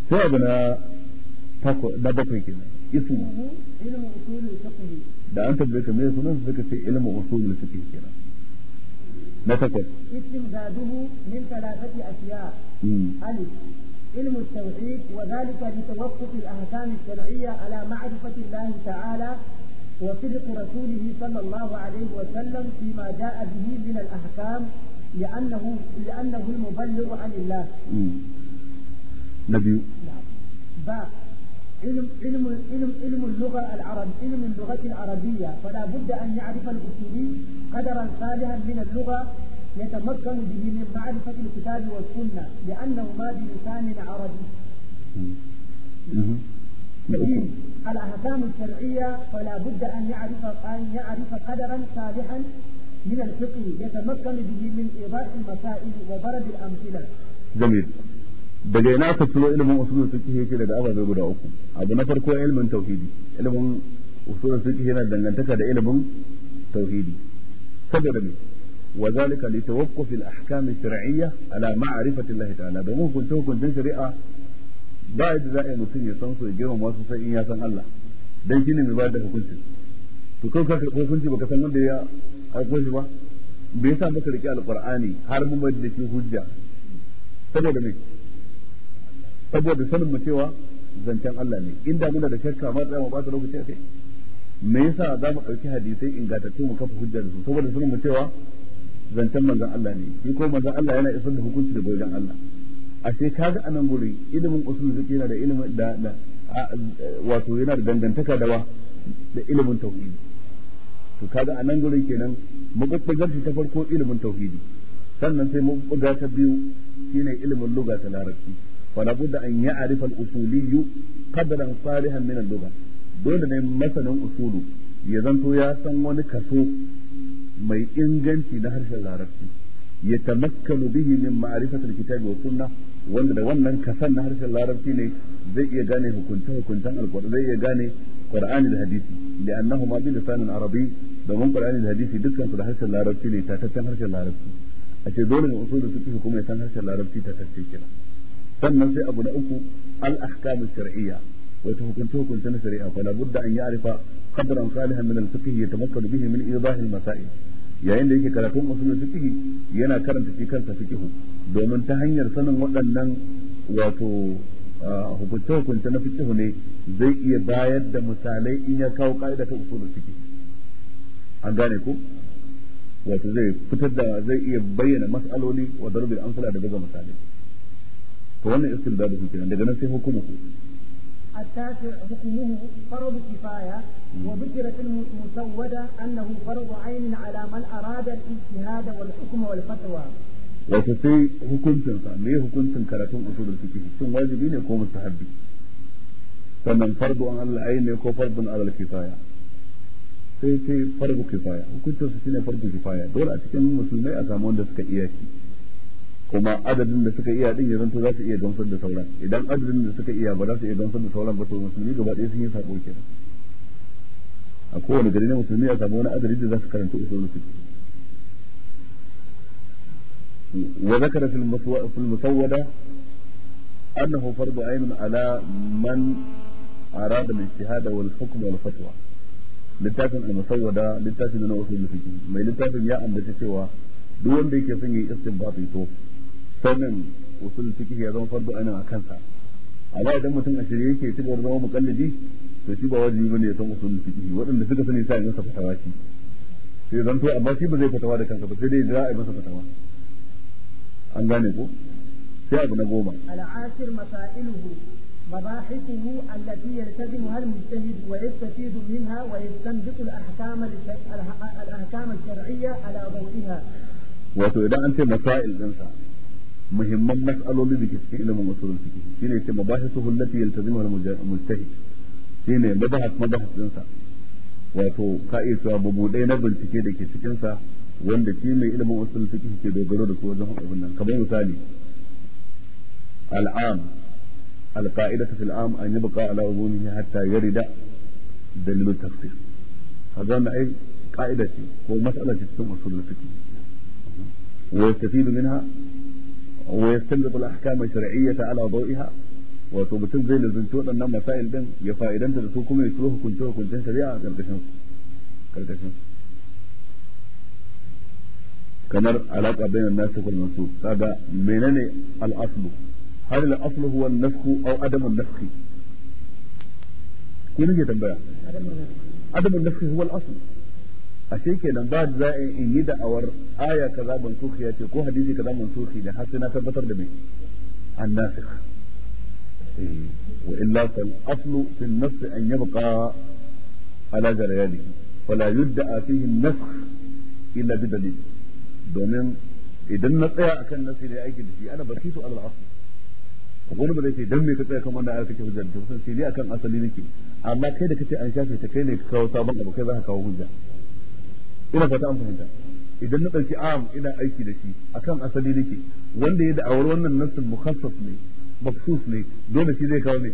sai abu na tako na bakwai kenan ismu da an tabbaye ka me sunan suka ce ilmu usulul fiqh kenan na takwas. Ismin zaduhu min talatati asiya. Hmm. Alif. Ilmu tauhid wa zalika bi tawaqquf al ahkam ala ma'rifati Allah ta'ala wa sidq rasulihi sallallahu alayhi wa sallam fi علم علم علم علم اللغه العربية علم اللغه العربيه فلا بد ان يعرف الاصولي قدرا صالحا من اللغه يتمكن به من معرفه الكتاب والسنه لانه ما بلسان عربي. الاحكام الشرعيه فلا بد ان يعرف ان يعرف قدرا صالحا من الفقه يتمكن به من ايضاح المسائل وضرب الامثله. جميل. daga ina ka ciro ilimin usulul fiqh yake daga ababe guda uku abu na farko ilimin tauhidi ilimin usulul fiqh yana dangantaka da ilimin tauhidi saboda me wa zalika li tawaqquf al ahkam al shar'iyya ala ma'rifati Allah ta'ala domin hukunta hukuncin shari'a ba yadda za a yi mutum ya san so ya girma wasu sai in ya san Allah dan shi ne mai ba da hukunci to kai ka karɓi hukunci baka san wanda ya aiko shi ba bai sa maka riƙe alqur'ani har mu mai da shi hujja saboda me saboda sanin mu cewa zancen Allah ne inda muna da shakka ma tsaya mu ba ta lokaci a kai me yasa za mu ɗauki hadisai ingantattu mu kafa hujja su saboda sanin mu cewa zancen manzon Allah ne shi ko manzon Allah yana isar da hukunci da bayan Allah ashe kaga a nan guri ilimin usul fiqh yana da ilimin da da wato yana da dangantaka da wa da ilimin tauhidi to kaga a nan kenan kenan mabubbugar shi ta farko ilimin tauhidi sannan sai mu buga ta biyu shine ilimin lugha ta larabci fala budda an ya'rifa al-usuliyyu qadran salihan min al-lugha dole ne masanin usulu ya zanto ya san wani kaso mai inganci na harshen larabci ya tamakkanu bihi min ma'rifati al-kitabi wa sunnah wanda da wannan kasan na harshen larabci ne zai iya gane hukunta hukuntan alqur'ani zai iya gane qur'ani da hadisi da annahu ma bil lisanin arabi domin qur'ani da hadisi dukkan su da harshen larabci ne harshen larabci a ce dole ne kuma ya harshen larabci tatacce kenan sannan sai abu na uku al ahkam shar'iyya wato hukunce hukunce na shari'a fa la an ya'rifa qadran salihan min al fiqh yatamakkanu bihi min idah al masail yayin da yake karatun usulul fiqh yana karanta shi kansa fiqh domin ta hanyar sanin waɗannan wato hukunce hukunce na fiqh ne zai iya bayar da misalai in ya kawo ka'ida ta usulul fiqh an gane ku wato zai fitar da zai iya bayyana mas'aloli wa darbil amsala da buga misalai Ka wannan istindadu sun kenan daga nan sai hukumu ku التاسع حكمه فرض كفاية وذكر في المسودة أنه فرض عين على من أراد الاجتهاد والحكم والفتوى wato sai hukuncinsa me hukuncin karatun usulul fiqh shin wajibi ne ko mustahabbi sannan fardu an Allah ayin ne ko alal kifaya sai sai fardu kifaya hukuncin su shine fardu kifaya dole a cikin musulmai a samu wanda suka iya kuma adadin da suka iya din ya za su iya gamsar da sauran idan adadin da suka iya ba za su iya gamsar da sauran ba to musulmi gaba ɗaya sun yi sabo kenan a kowane gari ne musulmi a samu wani adadin da za su karanta usulul fiqh وذكر في في المسودة ala man عين على من wal الاجتهاد wal والفتوى littafin al-musawwada littafin na usul fiqh mai littafin ya ambaci cewa duk wanda yake son yi istinbati to sanin usul fiqh ya zama fardu ainin a kansa amma idan mutum a shirye yake ci gaba zama mukallidi to shi ba wajibi bane ya san usul fiqh waɗanda suka sani sai masa fatawa shi sai zan to amma shi ba zai fatawa da kansa ba sai dai za a yi masa fatawa an gane ko sai abu na goma al'asir masailuhu مباحثه التي يلتزمها المجتهد ويستفيد منها ويستنبط الاحكام الاحكام الشرعيه على ضوئها. وإذا انت مسائل انسان muhimman mas'aloli da ke cikin ilimin usulul fiqh shine yace mabahithu allati yaltazimu al-mujtahid shine mabahas mabahas dinsa wato ka iya cewa na bincike da ke cikin sa wanda shi mai ilimin usulul fiqh ke dogaro da su wajen abin nan kamar misali al'am القاعدة في العام أن يبقى على عمومه حتى يرد دليل التفسير هذا أي قاعدة هو مسألة جدا أصول الفقه ويستفيد منها ويستنبط الاحكام الشرعيه على ضوئها وتبتل زي البنتو ان المسائل دين يفائدا تسوكم يسلوه كنتو كنتو كنتو كنتو كنتو كنتو كنتو كمر علاقة بين الناس والمنسوب هذا منين الأصل هل الأصل هو النسخ أو عدم النسخ كل هي عدم النسخ هو الأصل ashe kenan ba da za in yi da'awar aya kaza mansukhi ya ce ko hadisi kaza mansukhi da har sai na tabbatar da mai annasikh wa illa fal aslu fi an-nass an yabqa ala jarayanihi fala yudda fihi an nasakh illa bi dalil domin idan na tsaya akan nasi da yake da shi ana barki barkitu alal asli wani ba zai ce dan me ka tsaya kan wanda aka kake hujja ta kusan sai ni akan asali nake amma kai da kace an shafe ta kai ne ka kawo sabon abu kai za ka kawo hujja ina fata an fahimta idan na ɗauki am ina aiki da shi akan asali nake wanda ya da'awar wannan nassin mukhassas ne maksus ne dole shi zai kawo ne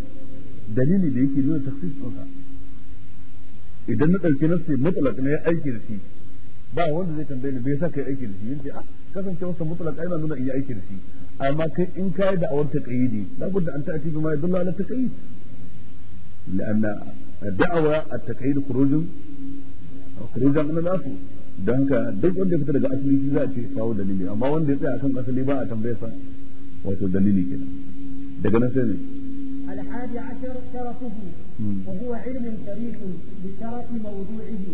dalili da yake nuna taksis ɗinsa idan na ɗauki nassi mutlaq ne ya aiki da shi ba wanda zai tambaye ni bai sa kai aiki da shi yace a ah, kasance masa mutlaq ai na nuna in yi aiki da shi amma kai in kai da'awar taqyidi labudda an ta'ti bima yadullu ala taqyid لأن الدعوة التقييد خروج kharijan zaɓi na asl don haka duk wanda ya fita daga asali shi za a ce kawo dalili amma wanda ya tsaya akan asali ba a tambaye sa wato dalili kenan daga nan sai ne الحادي عشر شرفه وهو علم شريف بشرف موضوعه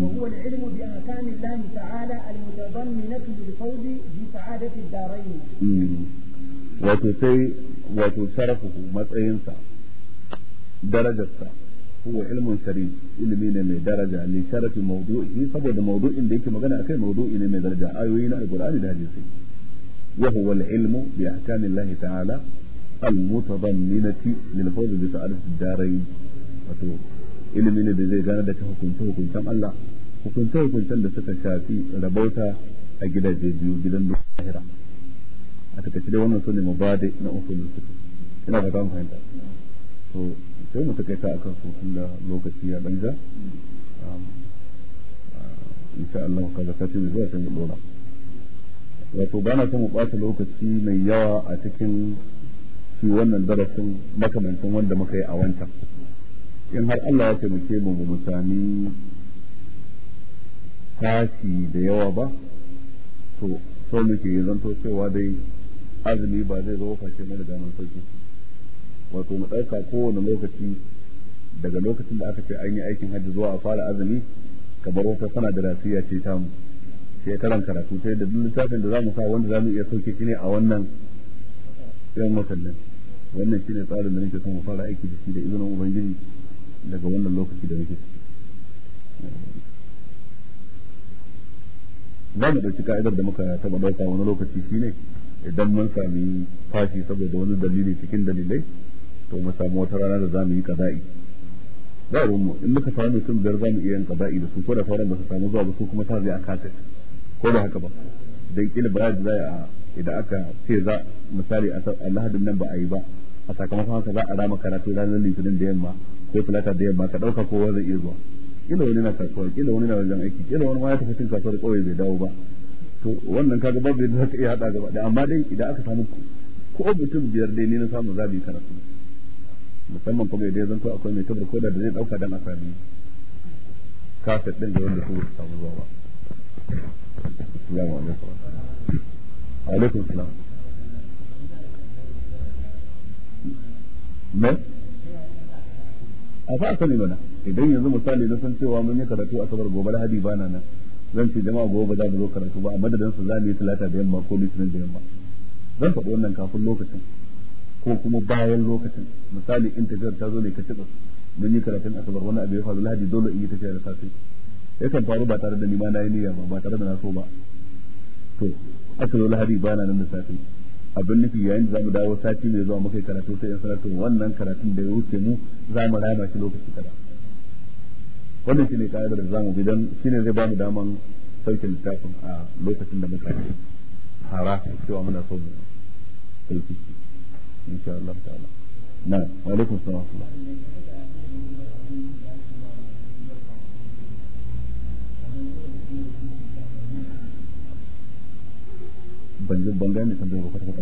وهو العلم بأحكام الله تعالى المتضمنة للفوز بسعادة الدارين wato sai wato sharafuhu matsayinsa darajarsa huwa ilmun sari ilimi ne mai daraja li sharafi mawdu'i saboda mawdu'in da yake magana akai mawdu'i ne mai daraja ayoyi na alqur'ani da hadisi wa huwa al-ilmu bi ahkami Allah ta'ala al-mutadamminati lil fawz bi sa'adati ad-darain wato ilimi ne da zai gane da hukunce hukuncen Allah hukunce hukuncen da suka shafi rabauta a gidaje biyu gidan lahira a takaice dai wannan sune mabadi na usulul fiqh ina fata mun fahimta sai mu takaita kan sun da lokaci ya ɗanja um, uh, insha Allah ka zaka mu zuwa sai mu dora wato ba na son mu ɓata lokaci mai yawa a cikin shi wannan darasin makamantan wanda muka yi a wancan in har Allah ya taimake mu mu sami tashi da yawa ba to so muke zanto cewa dai azumi ba zai zo face mana damar sauki wato mu ɗauka kowane lokaci daga lokacin da aka ce an yi aikin hajji zuwa a fara azumi ka kamar wata sana da rasiya ce ta mu sai karan karatu sai da duk littafin da zamu sa wanda zamu iya sauke shi ne a wannan yan watannin wannan shine tsarin da nake son mu fara aiki da shi da izinin ubangiji daga wannan lokaci da nake za mu ɗauki ka'idar da muka taɓa ɗauka wani lokaci shine idan mun sami fashi saboda wani dalili cikin dalilai to mu samu wata rana da zamu yi kaza'i ba mu in muka samu mutum biyar zamu iya yin kaza'i da su ko da sauran ba su samu zuwa ba su kuma sa zai a kaset ko da haka ba dan kila ba za a idan aka ce za misali a lahadin nan ba a yi ba a sakamakon haka za a rama karatu ranar litinin da yamma ko talata da yamma ka dauka kowa zai iya zuwa kila wani na kasuwa kila wani na wajen aiki kila wani ma ya tafi cin kasuwar kauye bai dawo ba to wannan kaga babu yadda ka iya hada gaba da amma dai idan aka samu ko mutum biyar dai ne na samu zabi karatu musamman kuma idan zanto akwai mai tabar koda da zai dauka dan asali kafet din da wanda su samu zuwa ba assalamu salam me a fa sani mana idan yanzu misali na san cewa mun yi karatu a sabar gobe lahadi na nan zan ce jama'a gobe ba za mu zo karatu ba a madadin su za mu yi talata da yamma ko litinin da yamma zan faɗi wannan kafin lokacin ko kuma bayan lokacin misali in tafiyar ta zo ne ka cika mun yi karatun asabar wani abu ya faru lahadi dole in yi tafiya da safe yakan faru ba tare da nima ma na yi niyya ba ba tare da na so ba to asabar lahadi ba na nan da safe abin nufi yayin da mu dawo sati mai zuwa muka karatu sai in sanatu wannan karatun da ya wuce mu za mu rama shi lokaci kada wannan shine ka'idar da zamu bi dan shine zai ba mu daman sauke littafin a lokacin da muka hara cewa muna so mu sauke إن شاء الله تعالى نعم وعليكم السلام ورحمة ban tambayar kwata kwata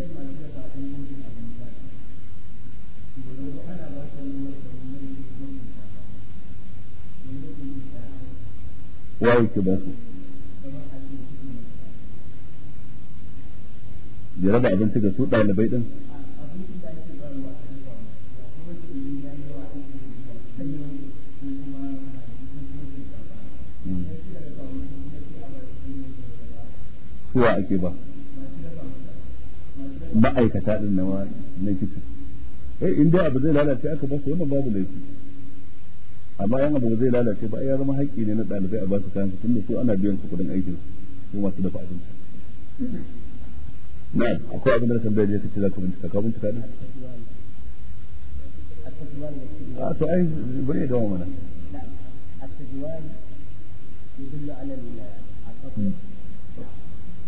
ke ba su ya raba abinci ga su ɗalibai ɗin suwa ake ba ma'aikata din na na kitchen eh in dai abu zai lalace aka ba su wannan babu laifi amma yan abu zai lalace ba ya zama haƙƙi ne na ɗalibai a ba su kayan tun su ana biyan su kuɗin aikin su masu dafa abinci na akwai abin da tambayar ne kace za ku bincika ka bincika din a to ai bari da mana التجوال يدل على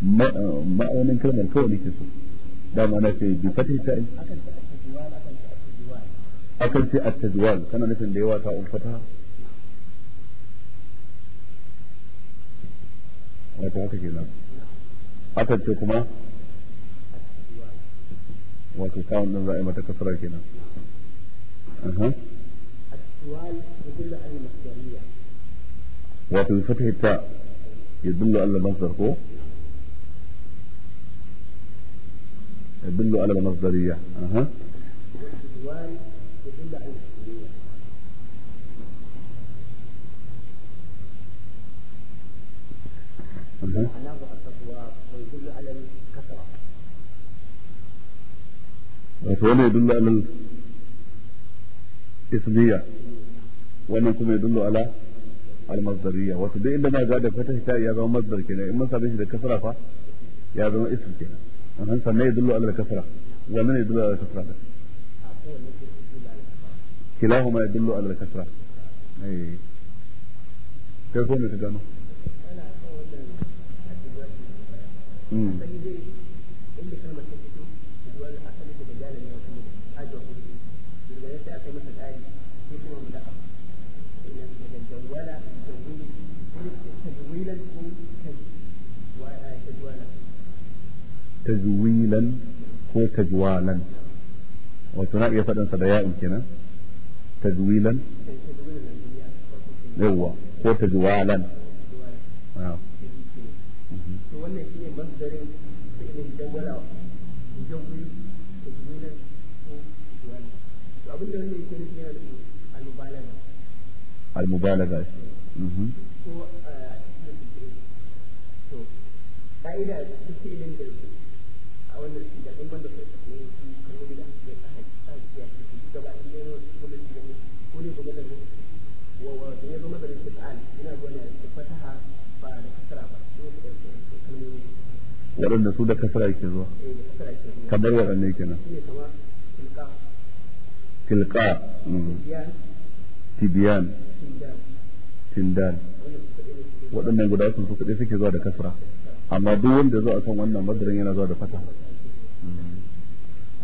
ma'aunin kalmar kawai nake so da ma na ce bi fatih ta in akan ce at-tajwal kana nufin da yawa ta umfata wato haka kenan akan ce kuma wato ta wannan za'a mata kasara kenan wato bi fatih ta yadullu ala masdar ko يدل على المصدرية أها. أطوال يدل على الإثنية ومنكم يدل على المصدرية وتبقى إلا ما زاد فتح تاء يا مصدر كنا إما صار يشد كسرة فا يا إسم كنا أنا ما يدل على الكثرة ومن يدل على الكثرة كلاهما يدل على الكثرة أي كيف هم يتجانوا؟ tajwilan ko tajwalan wato na iya faɗansa da ya'in kenan tajwilan yawwa ko tajwalan yana al al ko eh, a cikin da waɗanda su da kasra yake zuwa kamar waɗanne kenan tilka tibiyan tindan waɗannan guda sun su kaɗai suke zuwa da kasra amma duk wanda zuwa kan wannan madarin yana zuwa da fata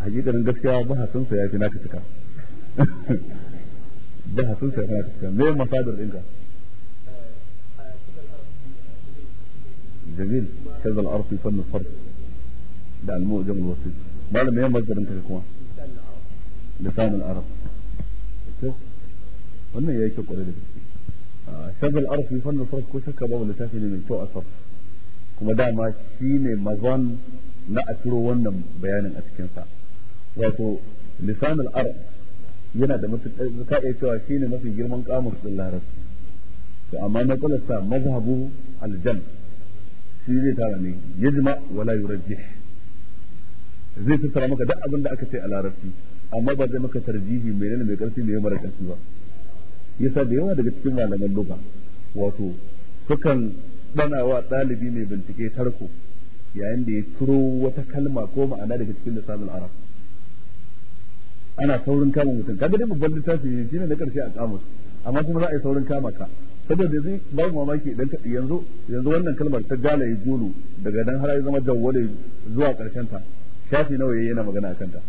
hakikanin gaskiya ba bahasin sa ya fi naka cika bahasin sa ya fi na cika me masadar ɗinka جميل كذا العرب يفن الفرد ده المؤجم الوسيط بعد ما يمجر انت كما لسان العرب شوف wannan yi kyau kwarai da gaske shagal arfi fannin sarf ko shakka babu littafi ne mai kyau a sarf kuma dama ne mazan na a ciro wannan bayanin a cikinsa. sa wato lisan al-arab yana da mutum ka iya cewa shine mafi girman kamus din larabci to amma na kulasta mazhabu aljan. shi zai tara ne yajma wala yurajjih zai fassara maka duk abin da aka ce a larabci amma ba zai maka tarjihi mai nan mai karfi mai mara karfi ba yasa da yawa daga cikin malaman lugha wato sukan dana wa ɗalibi mai bincike tarko yayin da ya turo wata kalma ko ma'ana daga cikin lisanin arab ana saurin kama mutum kaga dai babban littafi shine na karshe a kamus amma kuma za a yi saurin kama ka saboda zai ba mu mamaki idan yanzu yanzu wannan kalmar ta gala ya julu daga dan har ya zama jawwale zuwa karshen ta shafi nawa yayi yana magana akan ta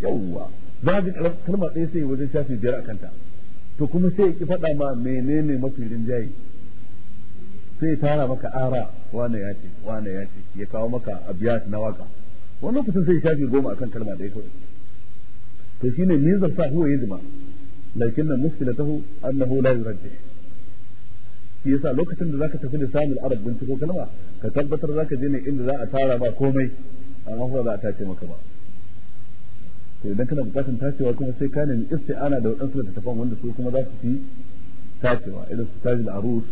yawwa za ji kalmar ɗaya sai wajen shafi biyar akan ta to kuma sai ki faɗa ma menene mafi rinjaye sai tara maka ara wane ya ce wane ya ce ya kawo maka abiyat na waka Wannan lokacin sai shafi goma akan kalma ɗaya kawai to shine mizar sa huwa yajma lakinna mushkilatahu annahu la yurajjih shi yasa lokacin da zaka tafi lisanul arab binciko kalma ka tabbatar zaka je ne inda za a tara ba komai amma ba za a tace maka ba to idan kana bukatan tacewa kuma sai ka nemi isti'ana da wadansu da tafan wanda su kuma za su fi tacewa irin su tajil arus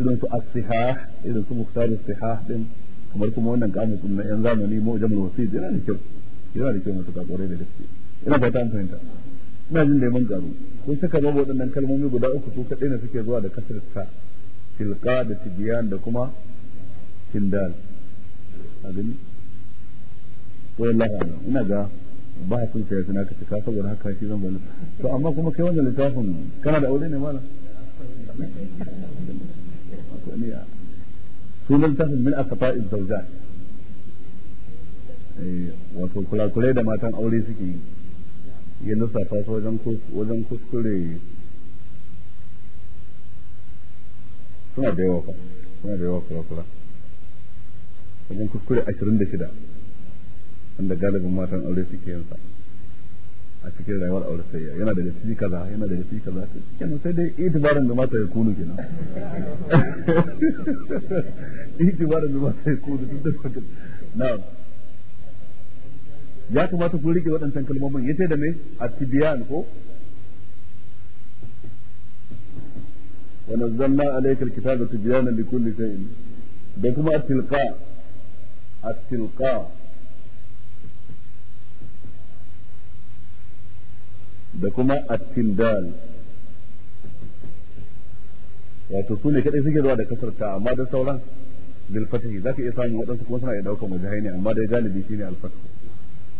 irin su as-sihah irin su muktar as-sihah din kamar kuma wannan kamus na yan zamani mu'jamul wasid yana da kyau yana da kyau mutuka kwarai da gaske ina fata an fahimta ina jin da man garu ko suka babu waɗannan kalmomi guda uku su kaɗai ne suke zuwa da kasar sa tilqa da tibiyan da kuma tindal abin wallahi ina ga ba su kai suna ka cika saboda haka shi zan bani to amma kuma kai wannan littafin kana da aure ne mana. sunan littafin min asfa'iz zawjat eh, wato kulakulai da matan aure suke yi ya lissafa su wajen kuskure suna da suna da yawa kura wajen kuskure ashirin wanda galibin matan aure suke yin sa a cikin rayuwar aure sai yana da kaza yana da kaza sai dai itibarin da mata ya kunu kenan ya kamata ku rike waɗancan kalmomin yace da me at-tibyan ko wa nazzalna alayka alkitaba tibyana likulli shay'in da kuma atilqa atilqa da kuma at-tildal wato su ne kadai suke zuwa da kasarta amma da sauran bil fatihi zaka iya samun waɗansu kuma suna iya daukar wajahai ne amma dai galibi shine al-fatah